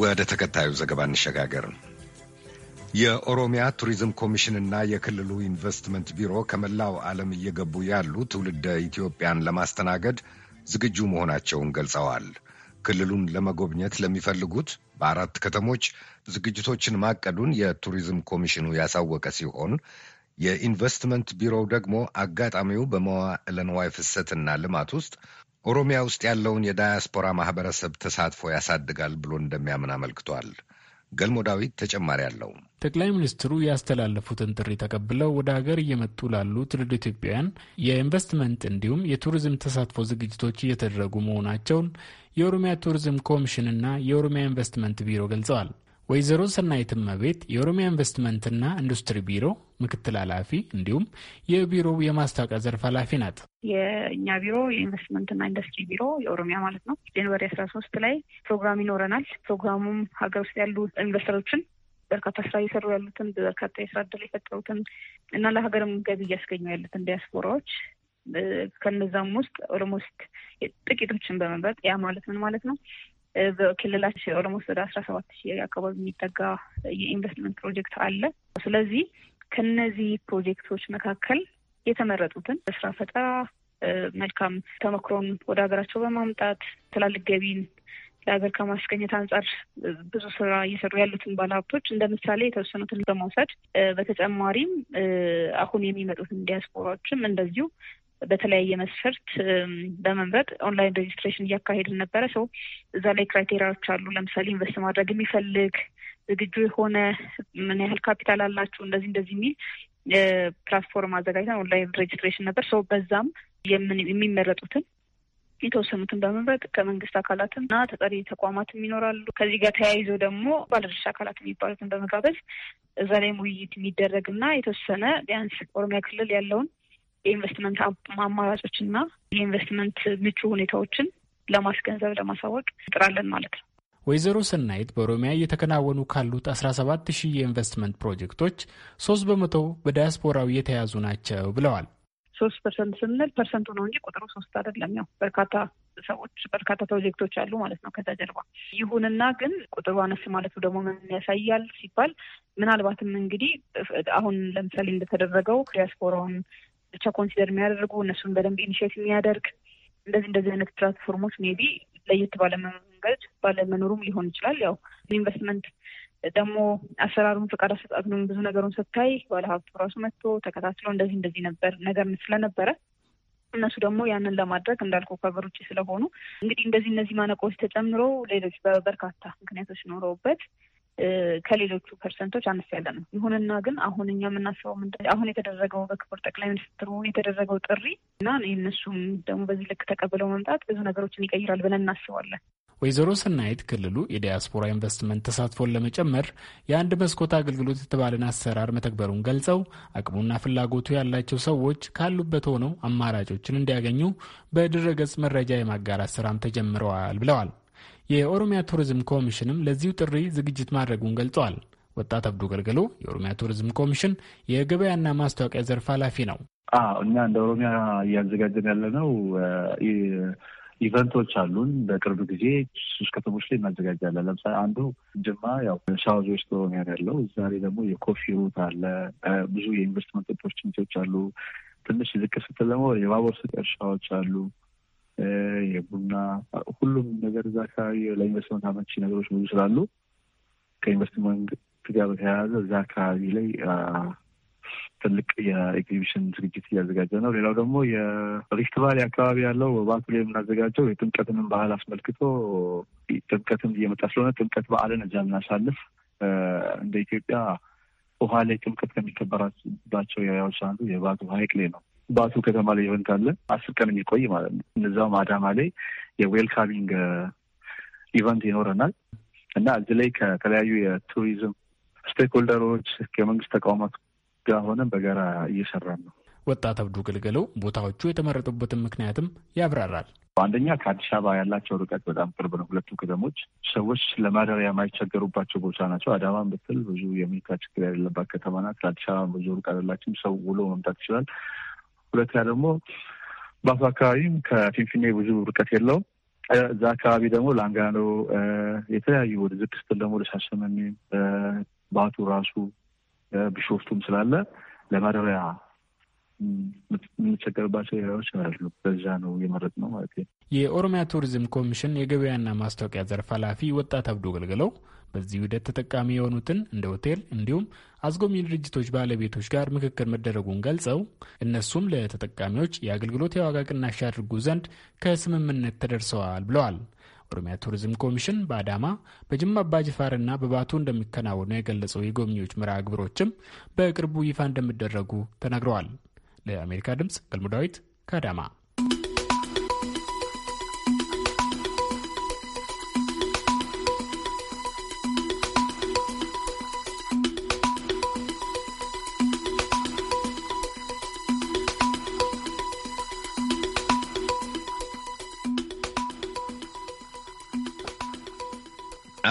ወደ ተከታዩ ዘገባ እንሸጋገር። የኦሮሚያ ቱሪዝም ኮሚሽንና የክልሉ ኢንቨስትመንት ቢሮ ከመላው ዓለም እየገቡ ያሉ ትውልደ ኢትዮጵያን ለማስተናገድ ዝግጁ መሆናቸውን ገልጸዋል። ክልሉን ለመጎብኘት ለሚፈልጉት በአራት ከተሞች ዝግጅቶችን ማቀዱን የቱሪዝም ኮሚሽኑ ያሳወቀ ሲሆን የኢንቨስትመንት ቢሮው ደግሞ አጋጣሚው በመዋዕለ ንዋይ ፍሰትና ልማት ውስጥ ኦሮሚያ ውስጥ ያለውን የዳያስፖራ ማህበረሰብ ተሳትፎ ያሳድጋል ብሎ እንደሚያምን አመልክቷል። ገልሞ ዳዊት ተጨማሪ አለው። ጠቅላይ ሚኒስትሩ ያስተላለፉትን ጥሪ ተቀብለው ወደ ሀገር እየመጡ ላሉ ትውልድ ኢትዮጵያውያን የኢንቨስትመንት እንዲሁም የቱሪዝም ተሳትፎ ዝግጅቶች እየተደረጉ መሆናቸውን የኦሮሚያ ቱሪዝም ኮሚሽንና የኦሮሚያ ኢንቨስትመንት ቢሮ ገልጸዋል። ወይዘሮ ሰናይትም መቤት የኦሮሚያ ኢንቨስትመንትና ኢንዱስትሪ ቢሮ ምክትል ኃላፊ እንዲሁም የቢሮው የማስታወቂያ ዘርፍ ኃላፊ ናት። የእኛ ቢሮ የኢንቨስትመንትና ኢንዱስትሪ ቢሮ የኦሮሚያ ማለት ነው። ጃንዋሪ አስራ ሶስት ላይ ፕሮግራም ይኖረናል። ፕሮግራሙም ሀገር ውስጥ ያሉ ኢንቨስተሮችን በርካታ ስራ እየሰሩ ያሉትን በርካታ የስራ እድል የፈጠሩትን እና ለሀገርም ገቢ እያስገኙ ያሉትን ዲያስፖራዎች ከነዛም ውስጥ ኦልሞስት ጥቂቶችን በመምረጥ ያ ማለት ምን ማለት ነው በክልላችን ኦልሞስት ወደ አስራ ሰባት ሺህ አካባቢ የሚጠጋ የኢንቨስትመንት ፕሮጀክት አለ። ስለዚህ ከነዚህ ፕሮጀክቶች መካከል የተመረጡትን በስራ ፈጠራ መልካም ተሞክሮን ወደ ሀገራቸው በማምጣት ትላልቅ ገቢን ለሀገር ከማስገኘት አንጻር ብዙ ስራ እየሰሩ ያሉትን ባለሀብቶች እንደ ምሳሌ የተወሰኑትን በመውሰድ በተጨማሪም አሁን የሚመጡትን ዲያስፖራዎችም እንደዚሁ በተለያየ መስፈርት በመምረጥ ኦንላይን ሬጅስትሬሽን እያካሄድን ነበረ። ሰው እዛ ላይ ክራይቴሪያዎች አሉ። ለምሳሌ ኢንቨስት ማድረግ የሚፈልግ ዝግጁ የሆነ ምን ያህል ካፒታል አላችሁ፣ እንደዚህ እንደዚህ የሚል ፕላትፎርም አዘጋጅተን ኦንላይን ሬጅስትሬሽን ነበር። ሰው በዛም የሚመረጡትን የተወሰኑትን በመምረጥ ከመንግስት አካላትም እና ተጠሪ ተቋማትም ይኖራሉ። ከዚህ ጋር ተያይዘው ደግሞ ባለድርሻ አካላት የሚባሉትን በመጋበዝ እዛ ላይም ውይይት የሚደረግ እና የተወሰነ ቢያንስ ኦሮሚያ ክልል ያለውን የኢንቨስትመንት አማራጮችና የኢንቨስትመንት ምቹ ሁኔታዎችን ለማስገንዘብ ለማሳወቅ እንጥራለን ማለት ነው። ወይዘሮ ሰናይት በኦሮሚያ እየተከናወኑ ካሉት 17 ሺህ የኢንቨስትመንት ፕሮጀክቶች ሶስት በመቶ በዲያስፖራው የተያዙ ናቸው ብለዋል። ሶስት ፐርሰንት ስንል ፐርሰንቱ ነው እንጂ ቁጥሩ ሶስት አይደለም። ያው በርካታ ሰዎች በርካታ ፕሮጀክቶች አሉ ማለት ነው ከዛ ጀርባ። ይሁንና ግን ቁጥሩ አነስ ማለቱ ደግሞ ምን ያሳያል ሲባል ምናልባትም እንግዲህ አሁን ለምሳሌ እንደተደረገው ዲያስፖራውን ብቻ ኮንሲደር የሚያደርጉ እነሱን በደንብ ኢኒሽት የሚያደርግ እንደዚህ እንደዚህ አይነት ፕላትፎርሞች ሜቢ ለየት ባለመንገድ ባለመኖሩም ሊሆን ይችላል። ያው ኢንቨስትመንት ደግሞ አሰራሩን ፈቃድ አሰጣጡንም ብዙ ነገሩን ስታይ ባለሀብቱ ራሱ መጥቶ ተከታትሎ እንደዚህ እንደዚህ ነበር ነገር ስለነበረ እነሱ ደግሞ ያንን ለማድረግ እንዳልኩ ከሀገር ውጭ ስለሆኑ እንግዲህ እንደዚህ እነዚህ ማነቆዎች ተጨምሮ ሌሎች በበርካታ ምክንያቶች ኖረውበት ከሌሎቹ ፐርሰንቶች አነስ ያለ ነው። ይሁንና ግን አሁን እኛ የምናስበው ምን አሁን የተደረገው በክቡር ጠቅላይ ሚኒስትሩ የተደረገው ጥሪ እና እነሱም ደግሞ በዚህ ልክ ተቀብለው መምጣት ብዙ ነገሮችን ይቀይራል ብለን እናስባለን። ወይዘሮ ስናይት ክልሉ የዲያስፖራ ኢንቨስትመንት ተሳትፎን ለመጨመር የአንድ መስኮት አገልግሎት የተባለን አሰራር መተግበሩን ገልጸው አቅሙና ፍላጎቱ ያላቸው ሰዎች ካሉበት ሆነው አማራጮችን እንዲያገኙ በድረገጽ መረጃ የማጋራት ስራም ተጀምረዋል ብለዋል። የኦሮሚያ ቱሪዝም ኮሚሽንም ለዚሁ ጥሪ ዝግጅት ማድረጉን ገልጸዋል። ወጣት አብዱ ገልገሎ የኦሮሚያ ቱሪዝም ኮሚሽን የገበያና ማስታወቂያ ዘርፍ ኃላፊ ነው። እኛ እንደ ኦሮሚያ እያዘጋጀን ያለ ነው ኢቨንቶች አሉን። በቅርብ ጊዜ ሶስት ከተሞች ላይ እናዘጋጃለን። ለምሳሌ አንዱ ጅማ ያው ሻውዚ ውስጥ ኦሮሚያ ያለው፣ ዛሬ ደግሞ የኮፊ ሩት አለ። ብዙ የኢንቨስትመንት ኦፖርቹኒቲዎች አሉ። ትንሽ ዝቅ ስትል ደግሞ የባቡር ስጥ እርሻዎች አሉ። የቡና ሁሉም ነገር እዛ አካባቢ ለኢንቨስትመንት አመቺ ነገሮች ብዙ ስላሉ ከኢንቨስትመንት ጋር በተያያዘ እዛ አካባቢ ላይ ትልቅ የኤግዚቢሽን ዝግጅት እያዘጋጀ ነው። ሌላው ደግሞ የሪፍት ቫሊ አካባቢ ያለው በባቱ ላይ የምናዘጋጀው የጥምቀትንም ባህል አስመልክቶ ጥምቀትም እየመጣ ስለሆነ ጥምቀት በዓልን እዛ የምናሳልፍ እንደ ኢትዮጵያ ውሃ ላይ ጥምቀት ከሚከበራባቸው ያዎች አንዱ የባቱ ሀይቅ ላይ ነው። ባቱ ከተማ ላይ ኢቨንት አለ አስር ቀን የሚቆይ ማለት ነው። እነዛም አዳማ ላይ የዌልካሚንግ uh, ኢቨንት ይኖረናል እና እዚህ ላይ ከተለያዩ የቱሪዝም ስቴክሆልደሮች ከመንግስት ተቋማት ጋር ሆነን በጋራ እየሰራን ነው። ወጣት አብዱ ገልገለው ቦታዎቹ የተመረጡበትን ምክንያትም ያብራራል። አንደኛ ከአዲስ አበባ ያላቸው ርቀት በጣም ቅርብ ነው። ሁለቱ ከተሞች ሰዎች ለማደሪያ የማይቸገሩባቸው ቦታ ናቸው። አዳማን ብትል ብዙ የመኝታ ችግር ያለባት ከተማ ናት። ከአዲስ አበባ ብዙ ርቀት ያላችም ሰው ውሎ መምጣት ይችላል። ሁለተኛ ደግሞ ባቱ አካባቢም ከፊንፊኔ ብዙ ርቀት የለውም። እዛ አካባቢ ደግሞ ላንጋኖ፣ የተለያዩ ወደ ዝክስትል ደግሞ ወደ ሻሸመኔ ባቱ ራሱ ቢሾፍቱም ስላለ ለማደሪያ የምንቸገርባቸው ሄራዎች አሉ። በዛ ነው ነው ማለት የኦሮሚያ ቱሪዝም ኮሚሽን የገበያና ማስታወቂያ ዘርፍ ኃላፊ ወጣት አብዶ ገልግለው በዚህ ውደት ተጠቃሚ የሆኑትን እንደ ሆቴል እንዲሁም አስጎብኚ ድርጅቶች ባለቤቶች ጋር ምክክር መደረጉን ገልጸው እነሱም ለተጠቃሚዎች የአገልግሎት የዋጋ ቅናሽ ያድርጉ ዘንድ ከስምምነት ተደርሰዋል ብለዋል። ኦሮሚያ ቱሪዝም ኮሚሽን በአዳማ በጅማ አባጅፋርና በባቱ እንደሚከናወኑ የገለጸው የጎብኚዎች መርሃ ግብሮችም በቅርቡ ይፋ እንደሚደረጉ ተናግረዋል። ለአሜሪካ ድምፅ ገልሞ ዳዊት ከአዳማ።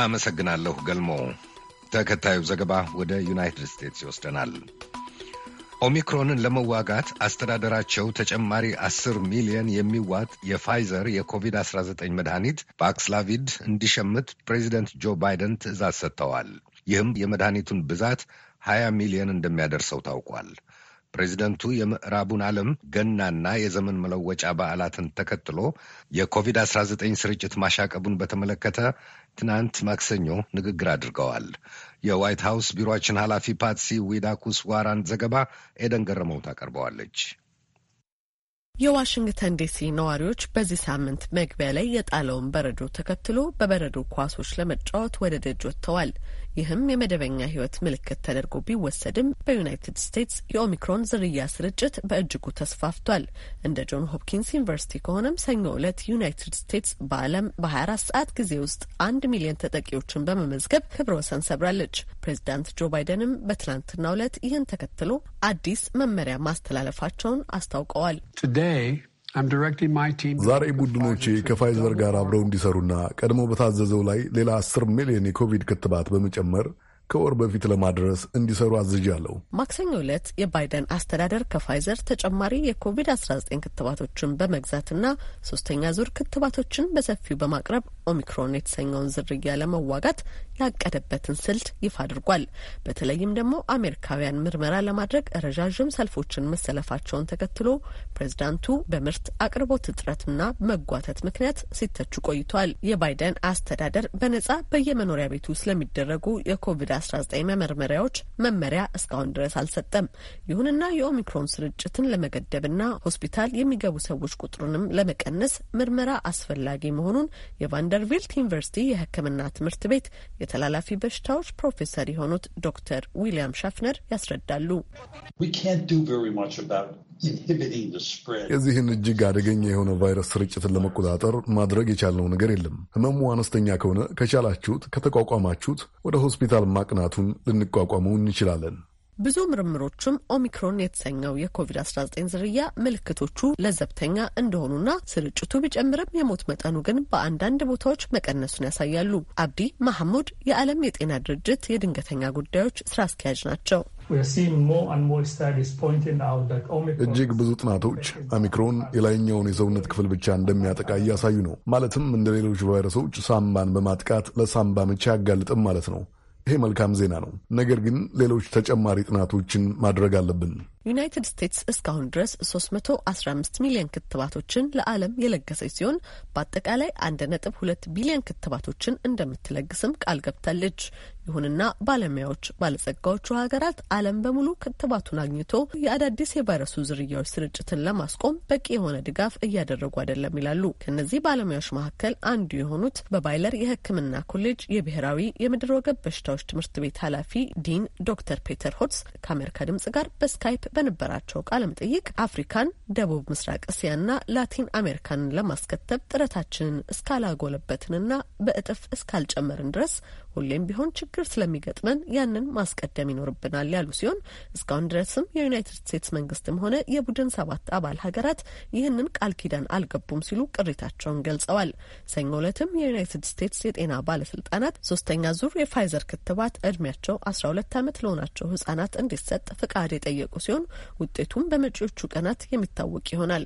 አመሰግናለሁ ገልሞ። ተከታዩ ዘገባ ወደ ዩናይትድ ስቴትስ ይወስደናል። ኦሚክሮንን ለመዋጋት አስተዳደራቸው ተጨማሪ 10 ሚሊዮን የሚዋጥ የፋይዘር የኮቪድ-19 መድኃኒት ፓክስላቪድ እንዲሸምት ፕሬዚደንት ጆ ባይደን ትዕዛዝ ሰጥተዋል። ይህም የመድኃኒቱን ብዛት 20 ሚሊዮን እንደሚያደርሰው ታውቋል። ፕሬዚደንቱ የምዕራቡን ዓለም ገናና የዘመን መለወጫ በዓላትን ተከትሎ የኮቪድ-19 ስርጭት ማሻቀቡን በተመለከተ ትናንት ማክሰኞ ንግግር አድርገዋል። የዋይት ሃውስ ቢሮችን ኃላፊ ፓትሲ ዊዳኩስ ዋራን ዘገባ ኤደን ገረመው ታቀርበዋለች። የዋሽንግተን ዲሲ ነዋሪዎች በዚህ ሳምንት መግቢያ ላይ የጣለውን በረዶ ተከትሎ በበረዶ ኳሶች ለመጫወት ወደ ደጅ ወጥተዋል። ይህም የመደበኛ ህይወት ምልክት ተደርጎ ቢወሰድም በዩናይትድ ስቴትስ የኦሚክሮን ዝርያ ስርጭት በእጅጉ ተስፋፍቷል። እንደ ጆን ሆፕኪንስ ዩኒቨርሲቲ ከሆነም ሰኞ ዕለት ዩናይትድ ስቴትስ በዓለም በ24 ሰዓት ጊዜ ውስጥ አንድ ሚሊዮን ተጠቂዎችን በመመዝገብ ክብረ ወሰን ሰብራለች። ፕሬዚዳንት ጆ ባይደንም በትላንትናው ዕለት ይህን ተከትሎ አዲስ መመሪያ ማስተላለፋቸውን አስታውቀዋል። ዛሬ ቡድኖቼ ከፋይዘር ጋር አብረው እንዲሰሩና ቀድሞ በታዘዘው ላይ ሌላ 10 ሚሊዮን የኮቪድ ክትባት በመጨመር ከወር በፊት ለማድረስ እንዲሰሩ አዝዣለሁ። ማክሰኞ ዕለት የባይደን አስተዳደር ከፋይዘር ተጨማሪ የኮቪድ-19 ክትባቶችን በመግዛትና ሶስተኛ ዙር ክትባቶችን በሰፊው በማቅረብ ኦሚክሮን የተሰኘውን ዝርያ ለመዋጋት ያቀደበትን ስልት ይፋ አድርጓል። በተለይም ደግሞ አሜሪካውያን ምርመራ ለማድረግ ረዣዥም ሰልፎችን መሰለፋቸውን ተከትሎ ፕሬዝዳንቱ በምርት አቅርቦት እጥረትና መጓተት ምክንያት ሲተቹ ቆይቷል። የባይደን አስተዳደር በነጻ በየመኖሪያ ቤቱ ስለሚደረጉ የኮቪድ-19 መመርመሪያዎች መመሪያ እስካሁን ድረስ አልሰጠም። ይሁንና የኦሚክሮን ስርጭትን ለመገደብና ሆስፒታል የሚገቡ ሰዎች ቁጥሩንም ለመቀነስ ምርመራ አስፈላጊ መሆኑን የቫንደር በርቪልት ዩኒቨርሲቲ የሕክምና ትምህርት ቤት የተላላፊ በሽታዎች ፕሮፌሰር የሆኑት ዶክተር ዊሊያም ሻፍነር ያስረዳሉ። የዚህን እጅግ አደገኛ የሆነ ቫይረስ ስርጭትን ለመቆጣጠር ማድረግ የቻልነው ነገር የለም። ህመሙ አነስተኛ ከሆነ ከቻላችሁት ከተቋቋማችሁት ወደ ሆስፒታል ማቅናቱን ልንቋቋመው እንችላለን። ብዙ ምርምሮችም ኦሚክሮን የተሰኘው የኮቪድ-19 ዝርያ ምልክቶቹ ለዘብተኛ እንደሆኑና ስርጭቱ ቢጨምርም የሞት መጠኑ ግን በአንዳንድ ቦታዎች መቀነሱን ያሳያሉ። አብዲ ማህሙድ የዓለም የጤና ድርጅት የድንገተኛ ጉዳዮች ስራ አስኪያጅ ናቸው። እጅግ ብዙ ጥናቶች ኦሚክሮን የላይኛውን የሰውነት ክፍል ብቻ እንደሚያጠቃ እያሳዩ ነው። ማለትም እንደ ሌሎች ቫይረሶች ሳምባን በማጥቃት ለሳምባ ምቻ ያጋልጥም ማለት ነው። ይሄ መልካም ዜና ነው። ነገር ግን ሌሎች ተጨማሪ ጥናቶችን ማድረግ አለብን። ዩናይትድ ስቴትስ እስካሁን ድረስ 315 ሚሊዮን ክትባቶችን ለዓለም የለገሰች ሲሆን በአጠቃላይ 1.2 ቢሊዮን ክትባቶችን እንደምትለግስም ቃል ገብታለች። ይሁንና ባለሙያዎች ባለጸጋዎቹ ሀገራት ዓለም በሙሉ ክትባቱን አግኝቶ የአዳዲስ የቫይረሱ ዝርያዎች ስርጭትን ለማስቆም በቂ የሆነ ድጋፍ እያደረጉ አይደለም ይላሉ። ከእነዚህ ባለሙያዎች መካከል አንዱ የሆኑት በባይለር የሕክምና ኮሌጅ የብሔራዊ የምድር ወገብ በሽታዎች ትምህርት ቤት ኃላፊ ዲን ዶክተር ፔተር ሆትስ ከአሜሪካ ድምጽ ጋር በስካይፕ በነበራቸው ቃለ መጠይቅ አፍሪካን፣ ደቡብ ምስራቅ እስያና ላቲን አሜሪካንን ለማስከተብ ጥረታችንን እስካላጎለበትንና በእጥፍ እስካልጨመርን ድረስ ሁሌም ቢሆን ችግር ስለሚገጥመን ያንን ማስቀደም ይኖርብናል ያሉ ሲሆን እስካሁን ድረስም የዩናይትድ ስቴትስ መንግስትም ሆነ የቡድን ሰባት አባል ሀገራት ይህንን ቃል ኪዳን አልገቡም ሲሉ ቅሬታቸውን ገልጸዋል። ሰኞ ዕለትም የዩናይትድ ስቴትስ የጤና ባለስልጣናት ሶስተኛ ዙር የፋይዘር ክትባት እድሜያቸው አስራ ሁለት ዓመት ለሆናቸው ህጻናት እንዲሰጥ ፍቃድ የጠየቁ ሲሆን ውጤቱም በመጪዎቹ ቀናት የሚታወቅ ይሆናል።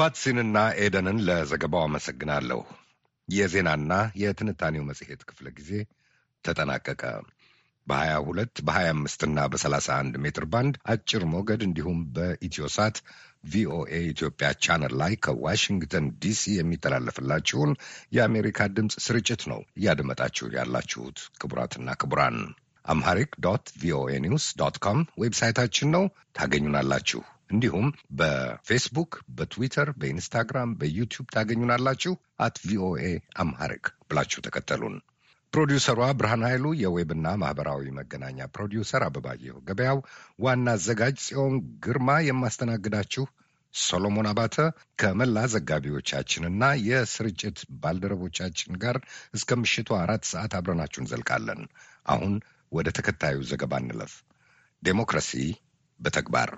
ፓትሲንና ኤደንን ለዘገባው አመሰግናለሁ። የዜናና የትንታኔው መጽሔት ክፍለ ጊዜ ተጠናቀቀ። በ22 በ25 እና በ31 ሜትር ባንድ አጭር ሞገድ እንዲሁም በኢትዮሳት ቪኦኤ ኢትዮጵያ ቻነል ላይ ከዋሽንግተን ዲሲ የሚተላለፍላችሁን የአሜሪካ ድምፅ ስርጭት ነው እያደመጣችሁ ያላችሁት። ክቡራትና ክቡራን አምሃሪክ ዶት ቪኦኤ ኒውስ ዶት ኮም ዌብሳይታችን ነው። ታገኙናላችሁ። እንዲሁም በፌስቡክ፣ በትዊተር፣ በኢንስታግራም፣ በዩቲዩብ ታገኙናላችሁ። አት ቪኦኤ አምሃሪክ ብላችሁ ተከተሉን። ፕሮዲውሰሯ ብርሃን ኃይሉ፣ የዌብና ማህበራዊ መገናኛ ፕሮዲውሰር አበባየሁ ገበያው፣ ዋና አዘጋጅ ጽዮን ግርማ፣ የማስተናግዳችሁ ሰሎሞን አባተ ከመላ ዘጋቢዎቻችንና የስርጭት ባልደረቦቻችን ጋር እስከ ምሽቱ አራት ሰዓት አብረናችሁ እንዘልቃለን። አሁን ወደ ተከታዩ ዘገባ እንለፍ። ዴሞክራሲ በተግባር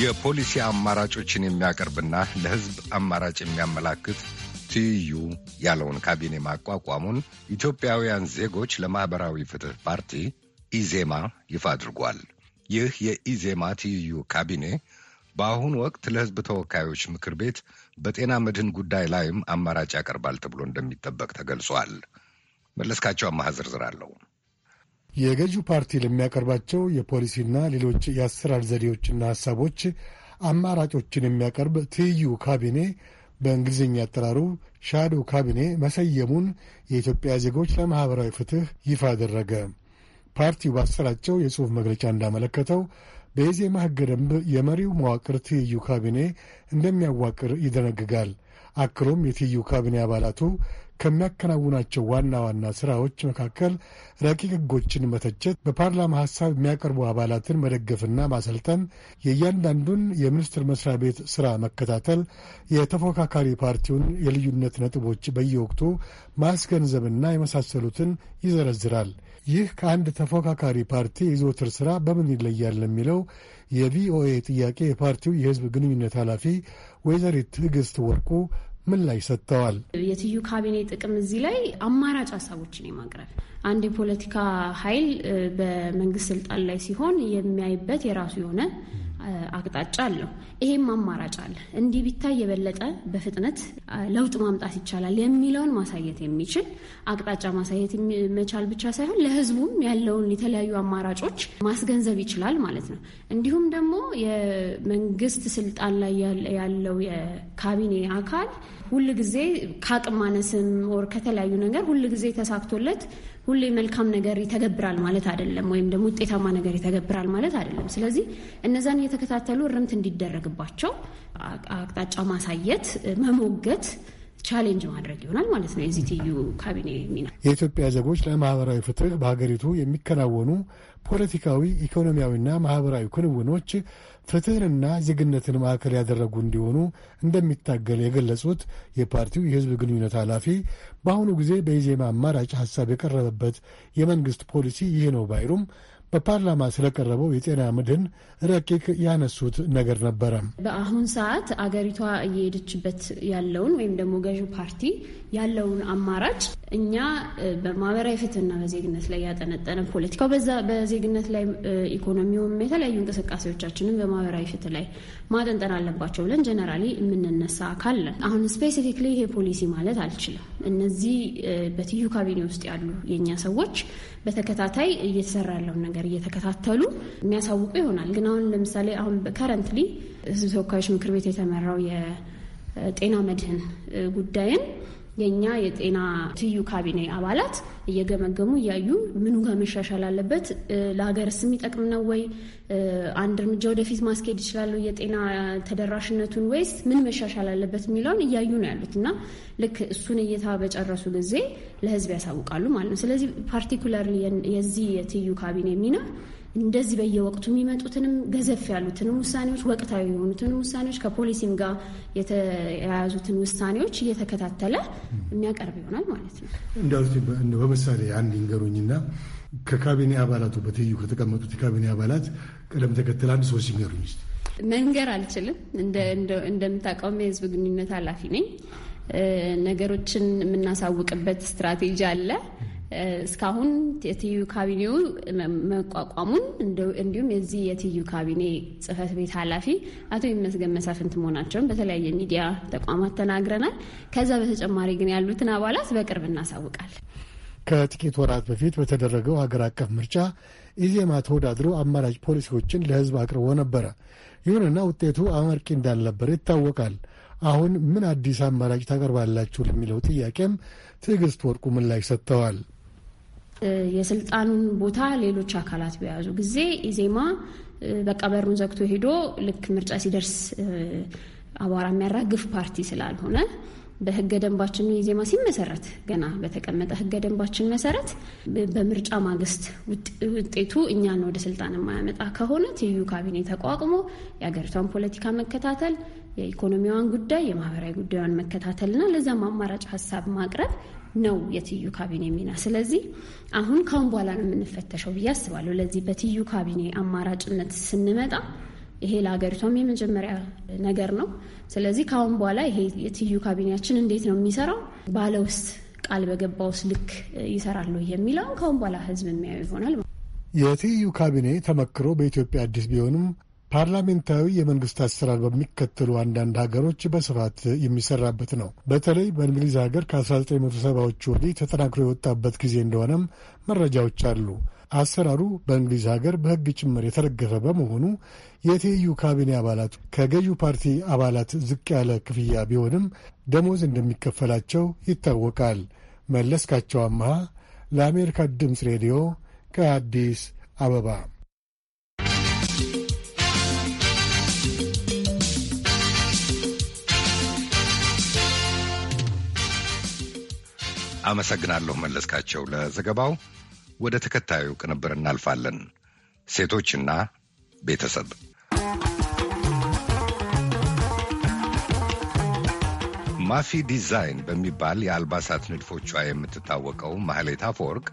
የፖሊሲ አማራጮችን የሚያቀርብና ለሕዝብ አማራጭ የሚያመላክት ትይዩ ያለውን ካቢኔ ማቋቋሙን ኢትዮጵያውያን ዜጎች ለማኅበራዊ ፍትሕ ፓርቲ ኢዜማ ይፋ አድርጓል። ይህ የኢዜማ ትይዩ ካቢኔ በአሁኑ ወቅት ለህዝብ ተወካዮች ምክር ቤት በጤና መድህን ጉዳይ ላይም አማራጭ ያቀርባል ተብሎ እንደሚጠበቅ ተገልጿል። መለስካቸው አማሃ ዝርዝር አለው። የገዢው ፓርቲ ለሚያቀርባቸው የፖሊሲና ሌሎች የአሰራር ዘዴዎችና ሀሳቦች አማራጮችን የሚያቀርብ ትይዩ ካቢኔ በእንግሊዝኛ አጠራሩ ሻዶ ካቢኔ መሰየሙን የኢትዮጵያ ዜጎች ለማኅበራዊ ፍትሕ ይፋ አደረገ። ፓርቲው ባሰራጨው የጽሑፍ መግለጫ እንዳመለከተው በኢዜማ ሕገ ደንብ የመሪው መዋቅር ትይዩ ካቢኔ እንደሚያዋቅር ይደነግጋል። አክሎም የትይዩ ካቢኔ አባላቱ ከሚያከናውናቸው ዋና ዋና ስራዎች መካከል ረቂቅ ህጎችን መተቸት፣ በፓርላማ ሀሳብ የሚያቀርቡ አባላትን መደገፍና ማሰልጠን፣ የእያንዳንዱን የሚኒስትር መስሪያ ቤት ስራ መከታተል፣ የተፎካካሪ ፓርቲውን የልዩነት ነጥቦች በየወቅቱ ማስገንዘብና የመሳሰሉትን ይዘረዝራል። ይህ ከአንድ ተፎካካሪ ፓርቲ የዘወትር ስራ በምን ይለያል ለሚለው የቪኦኤ ጥያቄ የፓርቲው የህዝብ ግንኙነት ኃላፊ ወይዘሪት ትዕግስት ወርቁ ምን ላይ ሰጥተዋል። የትዩ ካቢኔ ጥቅም እዚህ ላይ አማራጭ ሀሳቦችን የማቅረብ አንድ የፖለቲካ ኃይል በመንግስት ስልጣን ላይ ሲሆን የሚያይበት የራሱ የሆነ አቅጣጫ አለው። ይሄም አማራጭ አለ። እንዲህ ቢታይ የበለጠ በፍጥነት ለውጥ ማምጣት ይቻላል የሚለውን ማሳየት የሚችል አቅጣጫ ማሳየት መቻል ብቻ ሳይሆን ለሕዝቡም ያለውን የተለያዩ አማራጮች ማስገንዘብ ይችላል ማለት ነው። እንዲሁም ደግሞ የመንግስት ስልጣን ላይ ያለው የካቢኔ አካል ሁል ጊዜ ከአቅም ማነስም ወር ከተለያዩ ነገር ሁል ጊዜ ተሳክቶለት ሁሌ መልካም ነገር ይተገብራል ማለት አይደለም፣ ወይም ደግሞ ውጤታማ ነገር ይተገብራል ማለት አይደለም። ስለዚህ እነዛን እየተከታተሉ እርምት እንዲደረግባቸው አቅጣጫ ማሳየት፣ መሞገት ቻሌንጅ ማድረግ ይሆናል ማለት ነው። የዚቲዩ ካቢኔ ሚና የኢትዮጵያ ዜጎች ለማህበራዊ ፍትህ በሀገሪቱ የሚከናወኑ ፖለቲካዊ፣ ኢኮኖሚያዊና ማህበራዊ ክንውኖች ፍትህንና ዜግነትን ማዕከል ያደረጉ እንዲሆኑ እንደሚታገል የገለጹት የፓርቲው የህዝብ ግንኙነት ኃላፊ በአሁኑ ጊዜ በኢዜማ አማራጭ ሀሳብ የቀረበበት የመንግስት ፖሊሲ ይህ ነው ባይሩም በፓርላማ ስለቀረበው የጤና ምድን ረቂቅ ያነሱት ነገር ነበረ። በአሁን ሰዓት አገሪቷ እየሄደችበት ያለውን ወይም ደግሞ ገዢ ፓርቲ ያለውን አማራጭ እኛ በማህበራዊ ፍትህና በዜግነት ላይ ያጠነጠነ ፖለቲካው በዛ በዜግነት ላይ ኢኮኖሚውም፣ የተለያዩ እንቅስቃሴዎቻችንን በማህበራዊ ፍትህ ላይ ማጠንጠን አለባቸው ብለን ጀነራሊ የምንነሳ አካል ነን። አሁን ስፔሲፊክሊ ይሄ ፖሊሲ ማለት አልችልም። እነዚህ በትዩ ካቢኔ ውስጥ ያሉ የእኛ ሰዎች በተከታታይ እየተሰራ ያለውን ነገር እየተከታተሉ የሚያሳውቁ ይሆናል። ግን አሁን ለምሳሌ አሁን ከረንትሊ ህዝብ ተወካዮች ምክር ቤት የተመራው የጤና መድህን ጉዳይን የእኛ የጤና ትዩ ካቢኔ አባላት እየገመገሙ እያዩ ምኑ ጋር መሻሻል አለበት፣ ለሀገርስ የሚጠቅም ነው ወይ፣ አንድ እርምጃ ወደፊት ማስኬድ ይችላሉ የጤና ተደራሽነቱን ወይስ ምን መሻሻል አለበት የሚለውን እያዩ ነው ያሉት እና ልክ እሱን እይታ በጨረሱ ጊዜ ለህዝብ ያሳውቃሉ ማለት ነው። ስለዚህ ፓርቲኩላር የዚህ የትዩ ካቢኔ ሚና እንደዚህ በየወቅቱ የሚመጡትንም ገዘፍ ያሉትንም ውሳኔዎች፣ ወቅታዊ የሆኑትንም ውሳኔዎች ከፖሊሲም ጋር የተያያዙትን ውሳኔዎች እየተከታተለ የሚያቀርብ ይሆናል ማለት ነው። እንዲያው በምሳሌ አንድ ይንገሩኝና ከካቢኔ አባላቱ በትይዩ ከተቀመጡት የካቢኔ አባላት ቀደም ተከተል አንድ ሰዎች ይንገሩኝ። መንገር አልችልም። እንደምታውቀውም የህዝብ ግንኙነት ኃላፊ ነኝ። ነገሮችን የምናሳውቅበት ስትራቴጂ አለ። እስካሁን የትዩ ካቢኔው መቋቋሙን እንዲሁም የዚህ የትዩ ካቢኔ ጽህፈት ቤት ኃላፊ አቶ ይመስገን መሳፍንት መሆናቸውን በተለያየ ሚዲያ ተቋማት ተናግረናል። ከዛ በተጨማሪ ግን ያሉትን አባላት በቅርብ እናሳውቃል። ከጥቂት ወራት በፊት በተደረገው ሀገር አቀፍ ምርጫ ኢዜማ ተወዳድሮ አማራጭ ፖሊሲዎችን ለህዝብ አቅርቦ ነበረ። ይሁንና ውጤቱ አመርቂ እንዳልነበረ ይታወቃል። አሁን ምን አዲስ አማራጭ ታቀርባላችሁ ለሚለው ጥያቄም ትዕግስት ወርቁ ምላሽ ሰጥተዋል። የስልጣኑን ቦታ ሌሎች አካላት በያዙ ጊዜ ኢዜማ በቃ በሩን ዘግቶ ሄዶ ልክ ምርጫ ሲደርስ አቧራ የሚያራግፍ ፓርቲ ስላልሆነ በህገ ደንባችን ኢዜማ ሲመሰረት ገና በተቀመጠ ህገ ደንባችን መሰረት በምርጫ ማግስት ውጤቱ እኛን ወደ ስልጣን የማያመጣ ከሆነ ትይዩ ካቢኔ ተቋቁሞ የሀገሪቷን ፖለቲካ መከታተል፣ የኢኮኖሚዋን ጉዳይ፣ የማህበራዊ ጉዳዩን መከታተልና ለዛም አማራጭ ሀሳብ ማቅረብ ነው የትዩ ካቢኔ ሚና። ስለዚህ አሁን ካሁን በኋላ ነው የምንፈተሸው ብዬ አስባለሁ። ለዚህ በትዩ ካቢኔ አማራጭነት ስንመጣ ይሄ ለሀገሪቷም የመጀመሪያ ነገር ነው። ስለዚህ ከአሁን በኋላ ይሄ የትዩ ካቢኔያችን እንዴት ነው የሚሰራው ባለውስጥ ቃል በገባውስ ልክ ይሰራሉ የሚለውን ካሁን በኋላ ህዝብ የሚያዩ ይሆናል። የትዩ ካቢኔ ተመክሮ በኢትዮጵያ አዲስ ቢሆንም ፓርላሜንታዊ የመንግስት አሰራር በሚከተሉ አንዳንድ ሀገሮች በስፋት የሚሰራበት ነው። በተለይ በእንግሊዝ ሀገር ከ1970ዎቹ ወዲህ ተጠናክሮ የወጣበት ጊዜ እንደሆነም መረጃዎች አሉ። አሰራሩ በእንግሊዝ ሀገር በሕግ ጭምር የተደገፈ በመሆኑ የትይዩ ካቢኔ አባላት ከገዢው ፓርቲ አባላት ዝቅ ያለ ክፍያ ቢሆንም ደሞዝ እንደሚከፈላቸው ይታወቃል። መለስካቸው አመሃ ለአሜሪካ ድምፅ ሬዲዮ ከአዲስ አበባ አመሰግናለሁ መለስካቸው ለዘገባው። ወደ ተከታዩ ቅንብር እናልፋለን። ሴቶችና ቤተሰብ ማፊ ዲዛይን በሚባል የአልባሳት ንድፎቿ የምትታወቀው ማህሌት አፈወርቅ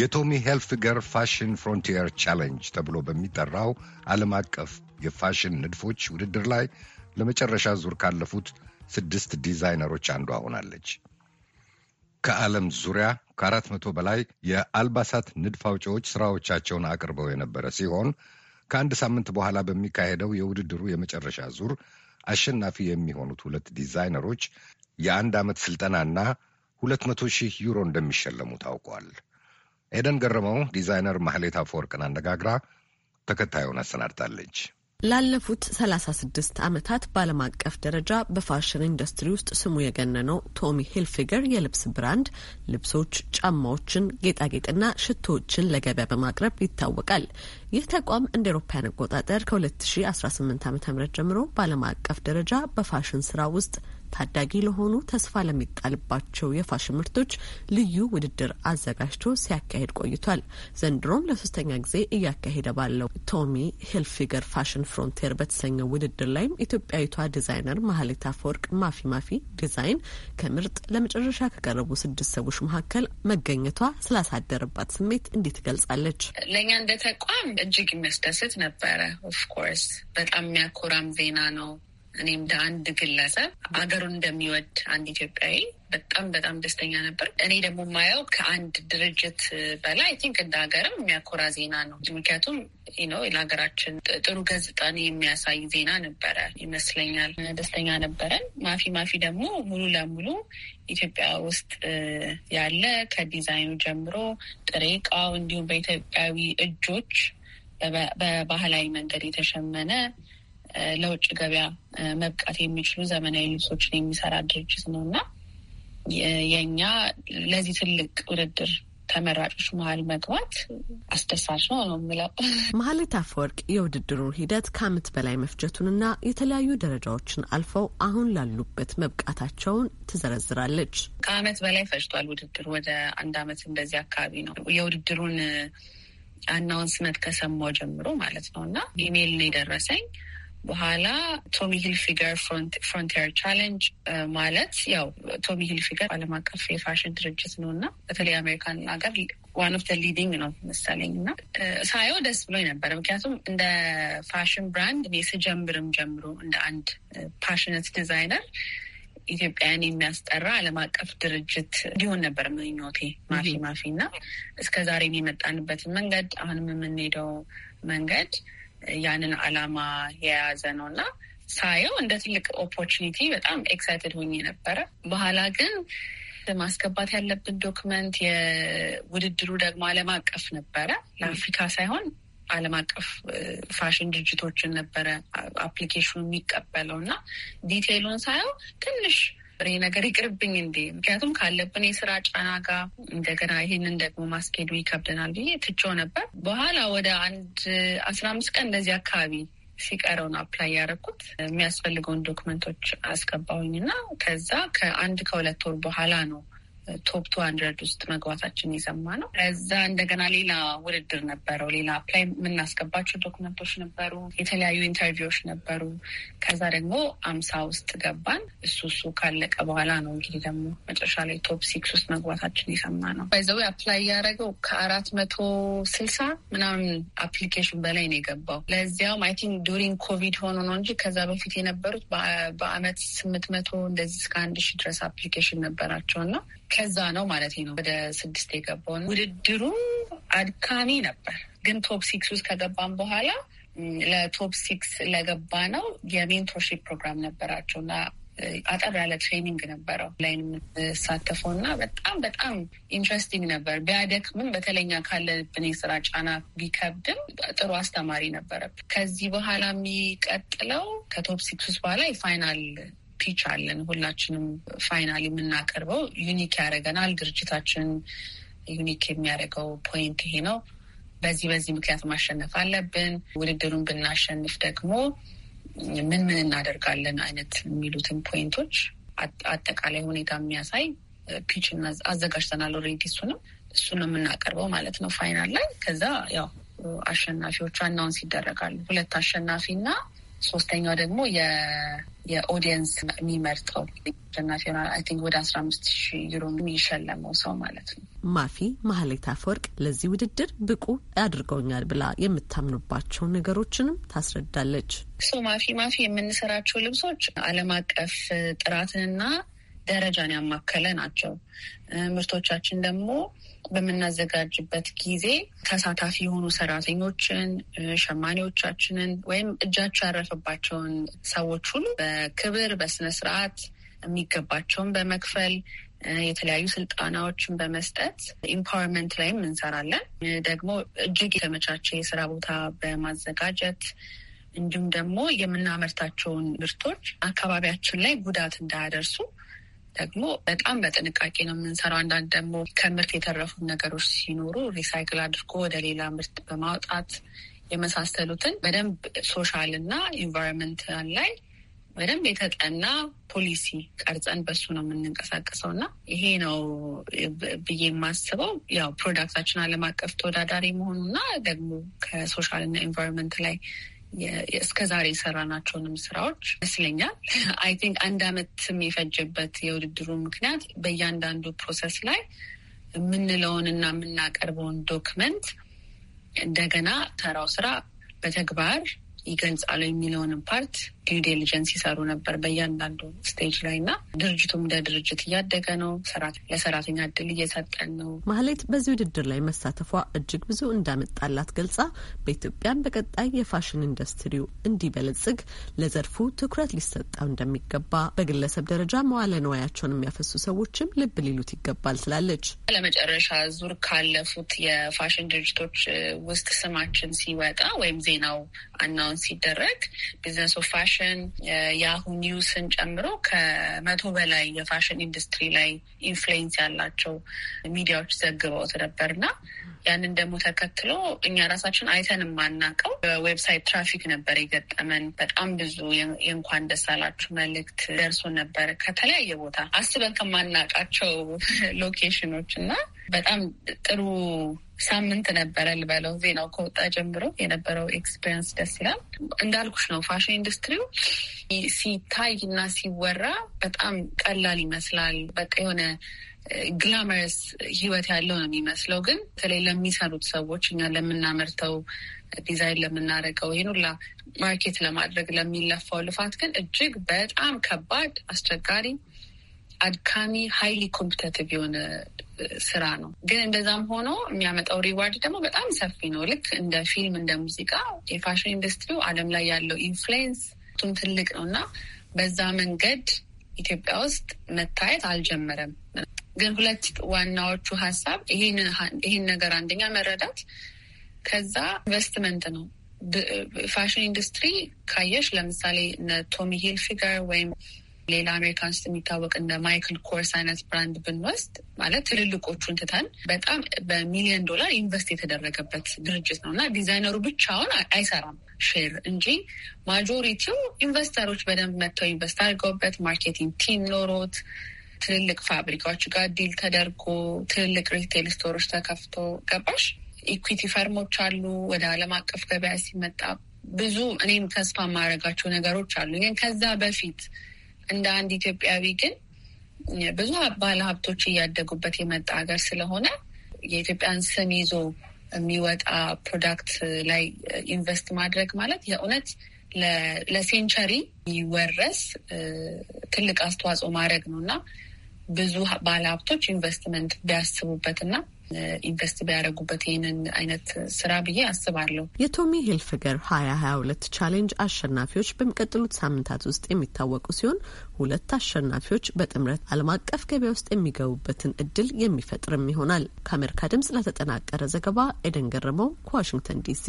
የቶሚ ሄልፊገር ፋሽን ፍሮንቲየር ቻሌንጅ ተብሎ በሚጠራው ዓለም አቀፍ የፋሽን ንድፎች ውድድር ላይ ለመጨረሻ ዙር ካለፉት ስድስት ዲዛይነሮች አንዷ ሆናለች። ከዓለም ዙሪያ ከአራት መቶ በላይ የአልባሳት ንድፍ አውጪዎች ስራዎቻቸውን አቅርበው የነበረ ሲሆን ከአንድ ሳምንት በኋላ በሚካሄደው የውድድሩ የመጨረሻ ዙር አሸናፊ የሚሆኑት ሁለት ዲዛይነሮች የአንድ ዓመት ስልጠናና ሁለት መቶ ሺህ ዩሮ እንደሚሸለሙ ታውቋል። ኤደን ገረመው ዲዛይነር ማህሌት አፈወርቅን አነጋግራ ተከታዩን አሰናድታለች። ላለፉት 36 ዓመታት በዓለም አቀፍ ደረጃ በፋሽን ኢንዱስትሪ ውስጥ ስሙ የገነነው ቶሚ ሂልፊገር የልብስ ብራንድ ልብሶች፣ ጫማዎችን፣ ጌጣጌጥና ሽቶዎችን ለገበያ በማቅረብ ይታወቃል። ይህ ተቋም እንደ ኤሮፓያን አቆጣጠር ከ2018 ዓ ም ጀምሮ በዓለም አቀፍ ደረጃ በፋሽን ስራ ውስጥ ታዳጊ ለሆኑ ተስፋ ለሚጣልባቸው የፋሽን ምርቶች ልዩ ውድድር አዘጋጅቶ ሲያካሄድ ቆይቷል። ዘንድሮም ለሶስተኛ ጊዜ እያካሄደ ባለው ቶሚ ሂልፊገር ፋሽን ፍሮንቲር በተሰኘው ውድድር ላይም ኢትዮጵያዊቷ ዲዛይነር ማህሌት አፈወርቅ ማፊ ማፊ ዲዛይን ከምርጥ ለመጨረሻ ከቀረቡ ስድስት ሰዎች መካከል መገኘቷ ስላሳደረባት ስሜት እንዴት ገልጻለች። ለእኛ እንደ ተቋም እጅግ የሚያስደስት ነበረ። ኦፍኮርስ በጣም የሚያኮራም ዜና ነው። እኔም እንደ አንድ ግለሰብ አገሩን እንደሚወድ አንድ ኢትዮጵያዊ በጣም በጣም ደስተኛ ነበር። እኔ ደግሞ የማየው ከአንድ ድርጅት በላይ አይ ቲንክ እንደ ሀገርም የሚያኮራ ዜና ነው። ምክንያቱም ነው ለሀገራችን ጥሩ ገጽታን የሚያሳይ ዜና ነበረ ይመስለኛል። ደስተኛ ነበረን። ማፊ ማፊ ደግሞ ሙሉ ለሙሉ ኢትዮጵያ ውስጥ ያለ ከዲዛይኑ ጀምሮ ጥሬ እቃው እንዲሁም በኢትዮጵያዊ እጆች በባህላዊ መንገድ የተሸመነ ለውጭ ገበያ መብቃት የሚችሉ ዘመናዊ ልብሶችን የሚሰራ ድርጅት ነው እና የእኛ ለዚህ ትልቅ ውድድር ተመራጮች መሀል መግባት አስደሳች ነው ነው የምለው። መሀሌት አፈወርቅ የውድድሩን ሂደት ከዓመት በላይ መፍጀቱንና የተለያዩ ደረጃዎችን አልፈው አሁን ላሉበት መብቃታቸውን ትዘረዝራለች። ከዓመት በላይ ፈጅቷል ውድድር ወደ አንድ ዓመት እንደዚህ አካባቢ ነው የውድድሩን አናውንስመንት ከሰማው ጀምሮ ማለት ነው እና ኢሜይል ነው የደረሰኝ በኋላ ቶሚ ሂል ፍሮንቲር ቻሌንጅ ማለት ያው ቶሚ ሂል ፊገር ዓለም አቀፍ የፋሽን ድርጅት ነው እና በተለይ አሜሪካን ሀገር ዋን ኦፍ ደ ሊዲንግ ነው መሰለኝ እና ሳየው ደስ ብሎኝ ነበረ። ምክንያቱም እንደ ፋሽን ብራንድ እኔ ስጀምርም ጀምሮ እንደ አንድ ፓሽነት ዲዛይነር ኢትዮጵያን የሚያስጠራ ዓለም አቀፍ ድርጅት እንዲሆን ነበር ምኞቴ ማፊ ማፊ እና እስከ ዛሬ የመጣንበትን መንገድ አሁንም የምንሄደው መንገድ ያንን አላማ የያዘ ነው እና ሳየው እንደ ትልቅ ኦፖርቹኒቲ በጣም ኤክሳይትድ ሆኜ ነበረ። በኋላ ግን ማስገባት ያለብን ዶክመንት የውድድሩ ደግሞ ዓለም አቀፍ ነበረ ለአፍሪካ ሳይሆን ዓለም አቀፍ ፋሽን ድርጅቶችን ነበረ አፕሊኬሽኑ የሚቀበለው እና ዲቴይሉን ሳየው ትንሽ እኔ ነገር ይቅርብኝ እንዴ? ምክንያቱም ካለብን የስራ ጫና ጋር እንደገና ይህንን ደግሞ ማስኬዱ ይከብደናል ብዬ ትቼው ነበር። በኋላ ወደ አንድ አስራ አምስት ቀን እንደዚህ አካባቢ ሲቀረውን አፕላይ ያደረኩት የሚያስፈልገውን ዶክመንቶች አስገባሁኝ እና ከዛ ከአንድ ከሁለት ወር በኋላ ነው ቶፕ ቱ ሀንድረድ ውስጥ መግባታችን የሰማ ነው። እዛ እንደገና ሌላ ውድድር ነበረው። ሌላ አፕላይ የምናስገባቸው ዶክመንቶች ነበሩ፣ የተለያዩ ኢንተርቪዎች ነበሩ። ከዛ ደግሞ አምሳ ውስጥ ገባን። እሱ እሱ ካለቀ በኋላ ነው እንግዲህ ደግሞ መጨረሻ ላይ ቶፕ ሲክስ ውስጥ መግባታችን የሰማ ነው። ባይዘዊ አፕላይ ያደረገው ከአራት መቶ ስልሳ ምናምን አፕሊኬሽን በላይ ነው የገባው። ለዚያውም አይ ቲንክ ዱሪንግ ኮቪድ ሆኖ ነው እንጂ ከዛ በፊት የነበሩት በአመት ስምንት መቶ እንደዚህ እስከ አንድ ሺ ድረስ አፕሊኬሽን ነበራቸው እና ከዛ ነው ማለት ነው ወደ ስድስት የገባው። ውድድሩ አድካሚ ነበር፣ ግን ቶፕ ሲክስ ውስጥ ከገባም በኋላ ለቶፕ ሲክስ ለገባ ነው የሜንቶርሺፕ ፕሮግራም ነበራቸው እና አጠር ያለ ትሬኒንግ ነበረው ላይ የምንሳተፈው እና በጣም በጣም ኢንትረስቲንግ ነበር። ቢያደክምም በተለኛ ካለብን የስራ ጫና ቢከብድም ጥሩ አስተማሪ ነበረ ከዚህ በኋላ የሚቀጥለው ከቶፕ ሲክስ ውስጥ በኋላ የፋይናል ፒች አለን። ሁላችንም ፋይናል የምናቀርበው ዩኒክ ያደረገናል። ድርጅታችን ዩኒክ የሚያደርገው ፖይንት ይሄ ነው። በዚህ በዚህ ምክንያት ማሸነፍ አለብን። ውድድሩን ብናሸንፍ ደግሞ ምን ምን እናደርጋለን አይነት የሚሉትን ፖይንቶች አጠቃላይ ሁኔታ የሚያሳይ ፒች አዘጋጅተናል። ኦልሬዲ እሱንም እሱ ነው የምናቀርበው ማለት ነው ፋይናል ላይ። ከዛ ያው አሸናፊዎች አናውንስ ይደረጋሉ። ሁለት አሸናፊ እና ሶስተኛው ደግሞ የኦዲየንስ የሚመርጠው ኢንተርናሽናል አይ ቲንክ ወደ አስራ አምስት ሺ ዩሮ የሚሸለመው ሰው ማለት ነው። ማፊ ማህሌት አፈወርቅ ለዚህ ውድድር ብቁ አድርገውኛል ብላ የምታምኑባቸው ነገሮችንም ታስረዳለች። ሶ ማፊ ማፊ የምንሰራቸው ልብሶች ዓለም አቀፍ ጥራትንና ደረጃን ያማከለ ናቸው። ምርቶቻችን ደግሞ በምናዘጋጅበት ጊዜ ተሳታፊ የሆኑ ሰራተኞችን፣ ሸማኔዎቻችንን ወይም እጃቸው ያረፈባቸውን ሰዎች ሁሉ በክብር በስነ ስርዓት የሚገባቸውን በመክፈል የተለያዩ ስልጠናዎችን በመስጠት ኢምፓወርመንት ላይም እንሰራለን። ደግሞ እጅግ የተመቻቸ የስራ ቦታ በማዘጋጀት እንዲሁም ደግሞ የምናመርታቸውን ምርቶች አካባቢያችን ላይ ጉዳት እንዳያደርሱ ደግሞ በጣም በጥንቃቄ ነው የምንሰራው። አንዳንድ ደግሞ ከምርት የተረፉት ነገሮች ሲኖሩ ሪሳይክል አድርጎ ወደ ሌላ ምርት በማውጣት የመሳሰሉትን በደንብ ሶሻል እና ኢንቫይሮንመንታል ላይ በደንብ የተጠና ፖሊሲ ቀርጸን በሱ ነው የምንንቀሳቀሰው እና ይሄ ነው ብዬ የማስበው ያው ፕሮዳክታችን ዓለም አቀፍ ተወዳዳሪ መሆኑና ደግሞ ከሶሻል እና ኢንቫይሮንመንት ላይ እስከ ዛሬ የሰራናቸውንም ስራዎች ይመስለኛል። አይ [laughs] ቲንክ አንድ አመትም የፈጀበት የውድድሩ ምክንያት በእያንዳንዱ ፕሮሰስ ላይ የምንለውን እና የምናቀርበውን ዶክመንት እንደገና ተራው ስራ በተግባር ይገልጻሉ የሚለውንም ፓርት ዲው ዲሊጀንስ ይሰሩ ነበር በእያንዳንዱ ስቴጅ ላይ እና ድርጅቱም እንደ ድርጅት እያደገ ነው። ለሰራተኛ እድል እየሰጠን ነው። ማህሌት በዚህ ውድድር ላይ መሳተፏ እጅግ ብዙ እንዳመጣላት ገልጻ በኢትዮጵያን በቀጣይ የፋሽን ኢንዱስትሪው እንዲበለጽግ ለዘርፉ ትኩረት ሊሰጠው እንደሚገባ በግለሰብ ደረጃ መዋለ ንዋያቸውን የሚያፈሱ ሰዎችም ልብ ሊሉት ይገባል ትላለች። ለመጨረሻ ዙር ካለፉት የፋሽን ድርጅቶች ውስጥ ስማችን ሲወጣ ወይም ዜናው አናውን ሲደረግ ቢዝነስ ኦፍ ፋሽን ፋሽን የአሁ ኒውስን ጨምሮ ከመቶ በላይ የፋሽን ኢንዱስትሪ ላይ ኢንፍሉዌንስ ያላቸው ሚዲያዎች ዘግበውት ነበርና ያንን ደግሞ ተከትሎ እኛ ራሳችን አይተን የማናውቀው በዌብሳይት ትራፊክ ነበር የገጠመን። በጣም ብዙ የእንኳን ደስ አላችሁ መልእክት ደርሶ ነበር ከተለያየ ቦታ አስበን ከማናውቃቸው ሎኬሽኖች እና በጣም ጥሩ ሳምንት ነበረ ልበለው። ዜናው ከወጣ ጀምሮ የነበረው ኤክስፔሪንስ ደስ ይላል። እንዳልኩሽ ነው ፋሽን ኢንዱስትሪው ሲታይ እና ሲወራ በጣም ቀላል ይመስላል። በቃ የሆነ ግላመረስ ህይወት ያለው ነው የሚመስለው። ግን በተለይ ለሚሰሩት ሰዎች እኛ ለምናመርተው ዲዛይን ለምናደርገው ይህን ሁላ ማርኬት ለማድረግ ለሚለፋው ልፋት ግን እጅግ በጣም ከባድ፣ አስቸጋሪ፣ አድካሚ ሀይሊ ኮምፒተቲቭ የሆነ ስራ ነው። ግን እንደዛም ሆኖ የሚያመጣው ሪዋርድ ደግሞ በጣም ሰፊ ነው። ልክ እንደ ፊልም፣ እንደ ሙዚቃ የፋሽን ኢንዱስትሪው ዓለም ላይ ያለው ኢንፍሉዌንስ ቱም ትልቅ ነው እና በዛ መንገድ ኢትዮጵያ ውስጥ መታየት አልጀመረም። ግን ሁለት ዋናዎቹ ሀሳብ ይህን ነገር አንደኛ መረዳት፣ ከዛ ኢንቨስትመንት ነው። ፋሽን ኢንዱስትሪ ካየሽ ለምሳሌ እነ ቶሚ ሂል ወይም ሌላ አሜሪካን ውስጥ የሚታወቅ እንደ ማይክል ኮርስ አይነት ብራንድ ብንወስድ ማለት ትልልቆቹን ትተን በጣም በሚሊዮን ዶላር ኢንቨስት የተደረገበት ድርጅት ነው እና ዲዛይነሩ ብቻውን አይሰራም ሼር እንጂ ማጆሪቲው ኢንቨስተሮች በደንብ መጥተው ኢንቨስት አድርገውበት ማርኬቲንግ ቲም ኖሮት ትልልቅ ፋብሪካዎች ጋር ዲል ተደርጎ ትልልቅ ሪቴል ስቶሮች ተከፍቶ ገባሽ። ኢኩዊቲ ፈርሞች አሉ። ወደ ዓለም አቀፍ ገበያ ሲመጣ ብዙ እኔም ተስፋ የማደርጋቸው ነገሮች አሉ። ግን ከዛ በፊት እንደ አንድ ኢትዮጵያዊ ግን ብዙ ባለ ሀብቶች እያደጉበት የመጣ ሀገር ስለሆነ የኢትዮጵያን ስም ይዞ የሚወጣ ፕሮዳክት ላይ ኢንቨስት ማድረግ ማለት የእውነት ለሴንቸሪ ይወረስ ትልቅ አስተዋጽኦ ማድረግ ነው እና ብዙ ባለሀብቶች ኢንቨስትመንት ቢያስቡበትና ኢንቨስት ቢያደረጉበት ይህንን አይነት ስራ ብዬ አስባለሁ። የቶሚ ሄልፍገር ሀያ ሀያ ሁለት ቻሌንጅ አሸናፊዎች በሚቀጥሉት ሳምንታት ውስጥ የሚታወቁ ሲሆን ሁለት አሸናፊዎች በጥምረት ዓለም አቀፍ ገበያ ውስጥ የሚገቡበትን እድል የሚፈጥርም ይሆናል። ከአሜሪካ ድምጽ ለተጠናቀረ ዘገባ ኤደን ገረመው ከዋሽንግተን ዲሲ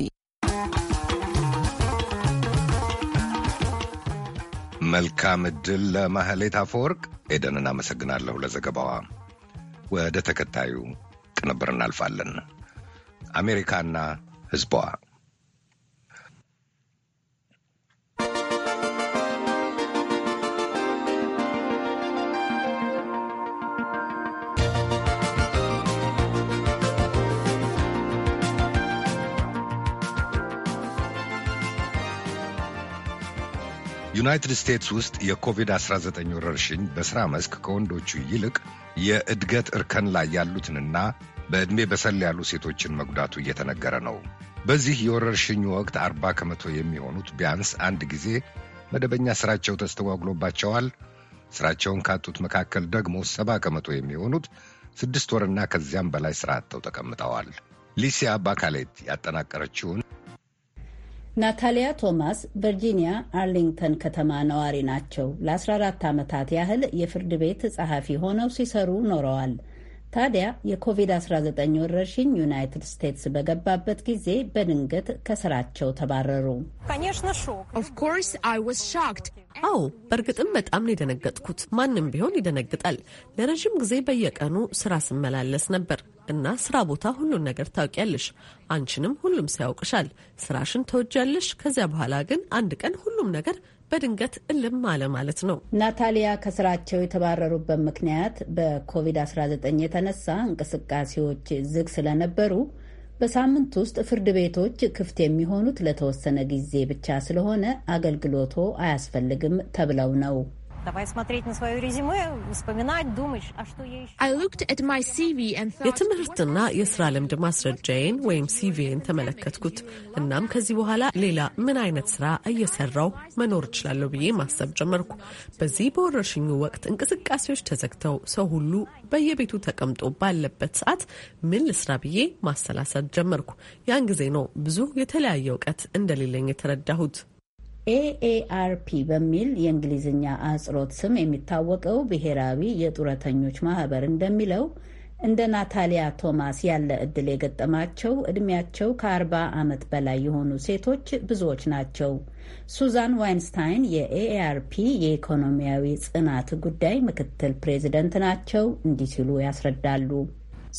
መልካም ዕድል ለማህሌት አፈወርቅ። ኤደን እናመሰግናለሁ ለዘገባዋ። ወደ ተከታዩ ቅንብር እናልፋለን። አሜሪካና ህዝቧ። ዩናይትድ ስቴትስ ውስጥ የኮቪድ-19 ወረርሽኝ በሥራ መስክ ከወንዶቹ ይልቅ የእድገት እርከን ላይ ያሉትንና በዕድሜ በሰል ያሉ ሴቶችን መጉዳቱ እየተነገረ ነው። በዚህ የወረርሽኙ ወቅት አርባ ከመቶ የሚሆኑት ቢያንስ አንድ ጊዜ መደበኛ ሥራቸው ተስተጓጉሎባቸዋል። ሥራቸውን ካጡት መካከል ደግሞ ሰባ ከመቶ የሚሆኑት ስድስት ወርና ከዚያም በላይ ሥራ አጥተው ተቀምጠዋል። ሊሲያ ባካሌት ያጠናቀረችውን ናታሊያ ቶማስ ቨርጂኒያ አርሊንግተን ከተማ ነዋሪ ናቸው። ለ14 ዓመታት ያህል የፍርድ ቤት ጸሐፊ ሆነው ሲሰሩ ኖረዋል። ታዲያ የኮቪድ-19 ወረርሽኝ ዩናይትድ ስቴትስ በገባበት ጊዜ በድንገት ከስራቸው ተባረሩ። አዎ፣ በእርግጥም በጣም ነው የደነገጥኩት። ማንም ቢሆን ይደነግጣል። ለረዥም ጊዜ በየቀኑ ስራ ስመላለስ ነበር እና ስራ ቦታ ሁሉን ነገር ታውቂያለሽ፣ አንቺንም ሁሉም ሲያውቅሻል። ያውቅሻል፣ ስራሽን ተወጃለሽ። ከዚያ በኋላ ግን አንድ ቀን ሁሉም ነገር በድንገት እልም አለ ማለት ነው። ናታሊያ ከስራቸው የተባረሩበት ምክንያት በኮቪድ-19 የተነሳ እንቅስቃሴዎች ዝግ ስለነበሩ በሳምንት ውስጥ ፍርድ ቤቶች ክፍት የሚሆኑት ለተወሰነ ጊዜ ብቻ ስለሆነ አገልግሎቶ አያስፈልግም ተብለው ነው። የትምህርትና የስራ ልምድ ማስረጃዬን ወይም ሲቪን ተመለከትኩት። እናም ከዚህ በኋላ ሌላ ምን አይነት ስራ እየሰራው መኖር እችላለሁ ብዬ ማሰብ ጀመርኩ። በዚህ በወረርሽኙ ወቅት እንቅስቃሴዎች ተዘግተው ሰው ሁሉ በየቤቱ ተቀምጦ ባለበት ሰዓት ምን ልስራ ብዬ ማሰላሰል ጀመርኩ። ያን ጊዜ ነው ብዙ የተለያየ እውቀት እንደሌለኝ የተረዳሁት። ኤኤአርፒ በሚል የእንግሊዝኛ አጽሮት ስም የሚታወቀው ብሔራዊ የጡረተኞች ማህበር እንደሚለው እንደ ናታሊያ ቶማስ ያለ ዕድል የገጠማቸው ዕድሜያቸው ከ40 ዓመት በላይ የሆኑ ሴቶች ብዙዎች ናቸው። ሱዛን ዋይንስታይን የኤኤአርፒ የኢኮኖሚያዊ ጽናት ጉዳይ ምክትል ፕሬዚደንት ናቸው። እንዲህ ሲሉ ያስረዳሉ።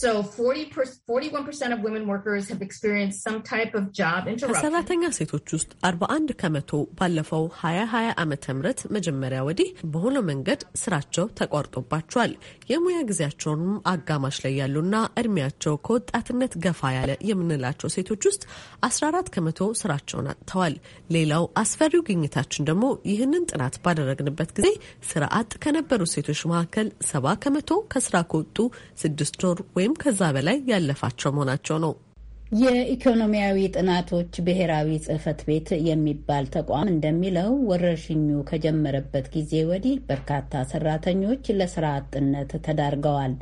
So 41% of women workers have experienced some type of job interruption. ከሰራተኛ ሴቶች ውስጥ 41 ከመቶ ባለፈው 2020 ዓመተ ምህረት መጀመሪያ ወዲህ በሆነ መንገድ ስራቸው ተቋርጦባቸዋል። የሙያ ጊዜያቸውንም አጋማሽ ላይ ያሉና እድሜያቸው ከወጣትነት ገፋ ያለ የምንላቸው ሴቶች ውስጥ 14 ከመቶ ስራቸውን አጥተዋል። ሌላው አስፈሪው ግኝታችን ደግሞ ይህንን ጥናት ባደረግንበት ጊዜ ስራ አጥ ከነበሩ ሴቶች መካከል ሰባ ከመቶ ከስራ ከወጡ ስድስት ወር ወይም ከዛ በላይ ያለፋቸው መሆናቸው ነው። የኢኮኖሚያዊ ጥናቶች ብሔራዊ ጽህፈት ቤት የሚባል ተቋም እንደሚለው ወረርሽኙ ከጀመረበት ጊዜ ወዲህ በርካታ ሰራተኞች ለስራ አጥነት ተዳርገዋል።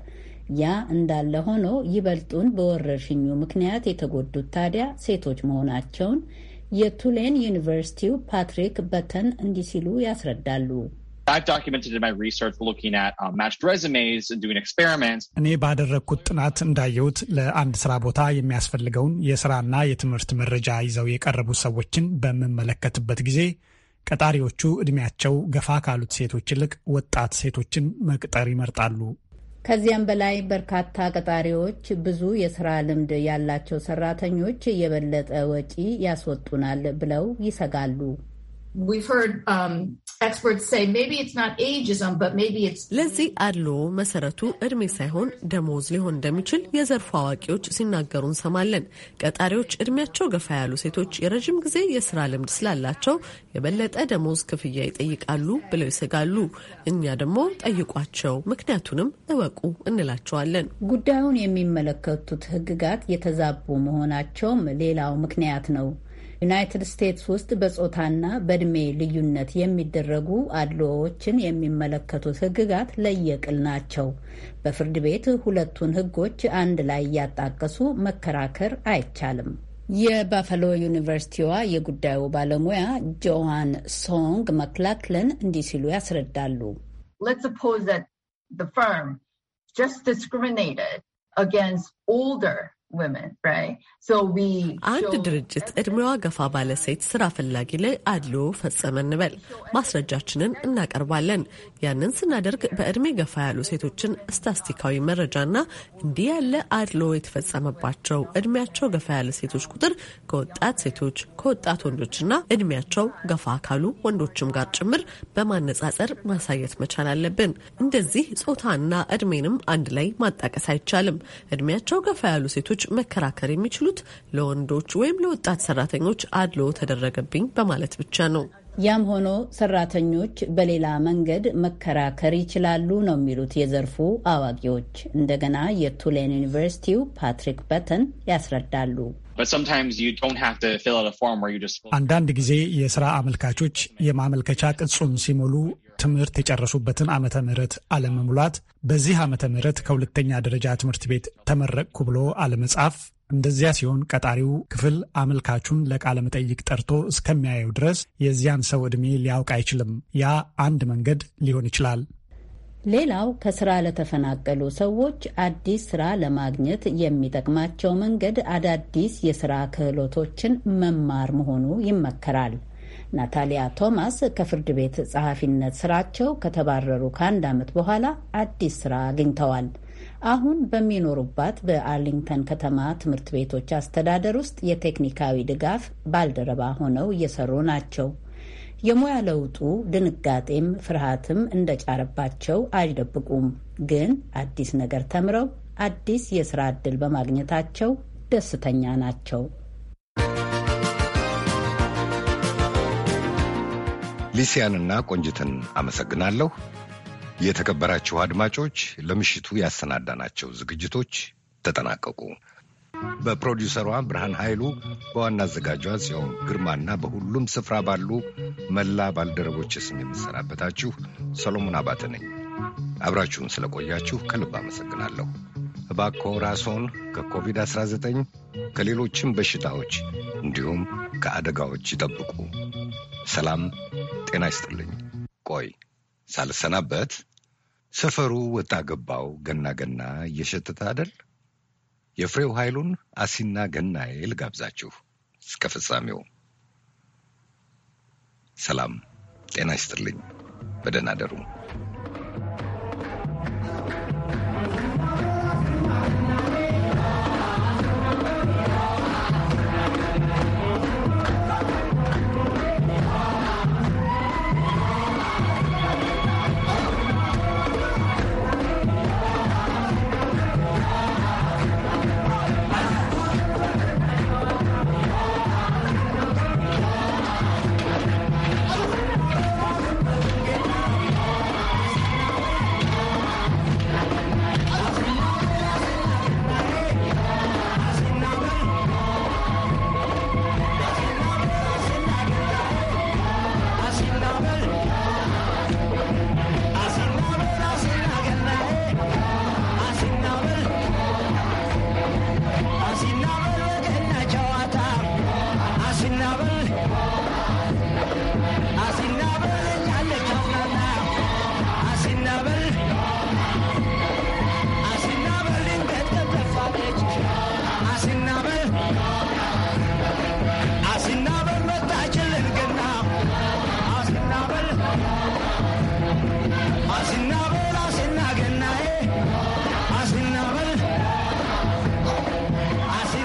ያ እንዳለ ሆኖ ይበልጡን በወረርሽኙ ምክንያት የተጎዱት ታዲያ ሴቶች መሆናቸውን የቱሌን ዩኒቨርሲቲው ፓትሪክ በተን እንዲህ ሲሉ ያስረዳሉ። I've documented in my research looking at uh, matched resumes and doing experiments. እኔ ባደረግኩት ጥናት እንዳየሁት ለአንድ ስራ ቦታ የሚያስፈልገውን የስራና የትምህርት መረጃ ይዘው የቀረቡ ሰዎችን በምመለከትበት ጊዜ ቀጣሪዎቹ እድሜያቸው ገፋ ካሉት ሴቶች ይልቅ ወጣት ሴቶችን መቅጠር ይመርጣሉ። ከዚያም በላይ በርካታ ቀጣሪዎች ብዙ የስራ ልምድ ያላቸው ሰራተኞች የበለጠ ወጪ ያስወጡናል ብለው ይሰጋሉ። We've heard um, ለዚህ አድሎ መሰረቱ እድሜ ሳይሆን ደሞዝ ሊሆን እንደሚችል የዘርፉ አዋቂዎች ሲናገሩ እንሰማለን። ቀጣሪዎች እድሜያቸው ገፋ ያሉ ሴቶች የረዥም ጊዜ የስራ ልምድ ስላላቸው የበለጠ ደሞዝ ክፍያ ይጠይቃሉ ብለው ይሰጋሉ። እኛ ደግሞ ጠይቋቸው፣ ምክንያቱንም እወቁ እንላቸዋለን። ጉዳዩን የሚመለከቱት ህግጋት የተዛቡ መሆናቸውም ሌላው ምክንያት ነው። ዩናይትድ ስቴትስ ውስጥ በጾታና በእድሜ ልዩነት የሚደረጉ አድልዎዎችን የሚመለከቱት ህግጋት ለየቅል ናቸው። በፍርድ ቤት ሁለቱን ህጎች አንድ ላይ እያጣቀሱ መከራከር አይቻልም። የባፈሎ ዩኒቨርሲቲዋ የጉዳዩ ባለሙያ ጆሃን ሶንግ መክላክለን እንዲህ ሲሉ ያስረዳሉ። አንድ ድርጅት እድሜዋ ገፋ ባለ ሴት ስራ ፈላጊ ላይ አድሎ ፈጸመ እንበል። ማስረጃችንን እናቀርባለን። ያንን ስናደርግ በእድሜ ገፋ ያሉ ሴቶችን ስታስቲካዊ መረጃና እንዲህ ያለ አድሎ የተፈጸመባቸው እድሜያቸው ገፋ ያለ ሴቶች ቁጥር ከወጣት ሴቶች ከወጣት ወንዶችና እድሜያቸው ገፋ ካሉ ወንዶችም ጋር ጭምር በማነጻጸር ማሳየት መቻል አለብን። እንደዚህ ጾታና እድሜንም አንድ ላይ ማጣቀስ አይቻልም። እድሜያቸው ገፋ ያሉ ሴቶች መከራከር የሚችሉ የሚሉት ለወንዶች ወይም ለወጣት ሰራተኞች አድሎ ተደረገብኝ በማለት ብቻ ነው። ያም ሆኖ ሰራተኞች በሌላ መንገድ መከራከር ይችላሉ ነው የሚሉት የዘርፉ አዋቂዎች። እንደገና የቱሌን ዩኒቨርሲቲው ፓትሪክ በተን ያስረዳሉ። አንዳንድ ጊዜ የስራ አመልካቾች የማመልከቻ ቅጹን ሲሞሉ ትምህርት የጨረሱበትን ዓመተ ምህረት አለመሙላት፣ በዚህ ዓመተ ምህረት ከሁለተኛ ደረጃ ትምህርት ቤት ተመረቅኩ ብሎ አለመጻፍ፣ እንደዚያ ሲሆን ቀጣሪው ክፍል አመልካቹን ለቃለ መጠይቅ ጠርቶ እስከሚያየው ድረስ የዚያን ሰው ዕድሜ ሊያውቅ አይችልም። ያ አንድ መንገድ ሊሆን ይችላል። ሌላው ከስራ ለተፈናቀሉ ሰዎች አዲስ ስራ ለማግኘት የሚጠቅማቸው መንገድ አዳዲስ የስራ ክህሎቶችን መማር መሆኑ ይመከራል። ናታሊያ ቶማስ ከፍርድ ቤት ጸሐፊነት ስራቸው ከተባረሩ ከአንድ ዓመት በኋላ አዲስ ስራ አግኝተዋል። አሁን በሚኖሩባት በአርሊንግተን ከተማ ትምህርት ቤቶች አስተዳደር ውስጥ የቴክኒካዊ ድጋፍ ባልደረባ ሆነው እየሰሩ ናቸው። የሙያ ለውጡ ድንጋጤም ፍርሃትም እንደጫረባቸው አይደብቁም። ግን አዲስ ነገር ተምረው አዲስ የስራ ዕድል በማግኘታቸው ደስተኛ ናቸው። ሊሲያንና ቆንጅትን አመሰግናለሁ። የተከበራችሁ አድማጮች ለምሽቱ ያሰናዳናቸው ዝግጅቶች ተጠናቀቁ። በፕሮዲውሰሯ ብርሃን ኃይሉ፣ በዋና አዘጋጇ ጽዮን ግርማና በሁሉም ስፍራ ባሉ መላ ባልደረቦች ስም የምሰናበታችሁ ሰሎሞን አባተ ነኝ። አብራችሁን ስለቆያችሁ ከልብ አመሰግናለሁ። እባክዎ ራስዎን ከኮቪድ-19 ከሌሎችም በሽታዎች እንዲሁም ከአደጋዎች ይጠብቁ። ሰላም ጤና ይስጥልኝ። ቆይ ሳልሰናበት ሰፈሩ ወጣ ገባው ገና ገና እየሸተተ አደል? የፍሬው ኃይሉን አሲና ገናዬ ልጋብዛችሁ እስከ ፍጻሜው። ሰላም ጤና ይስጥልኝ። በደህና ደሩም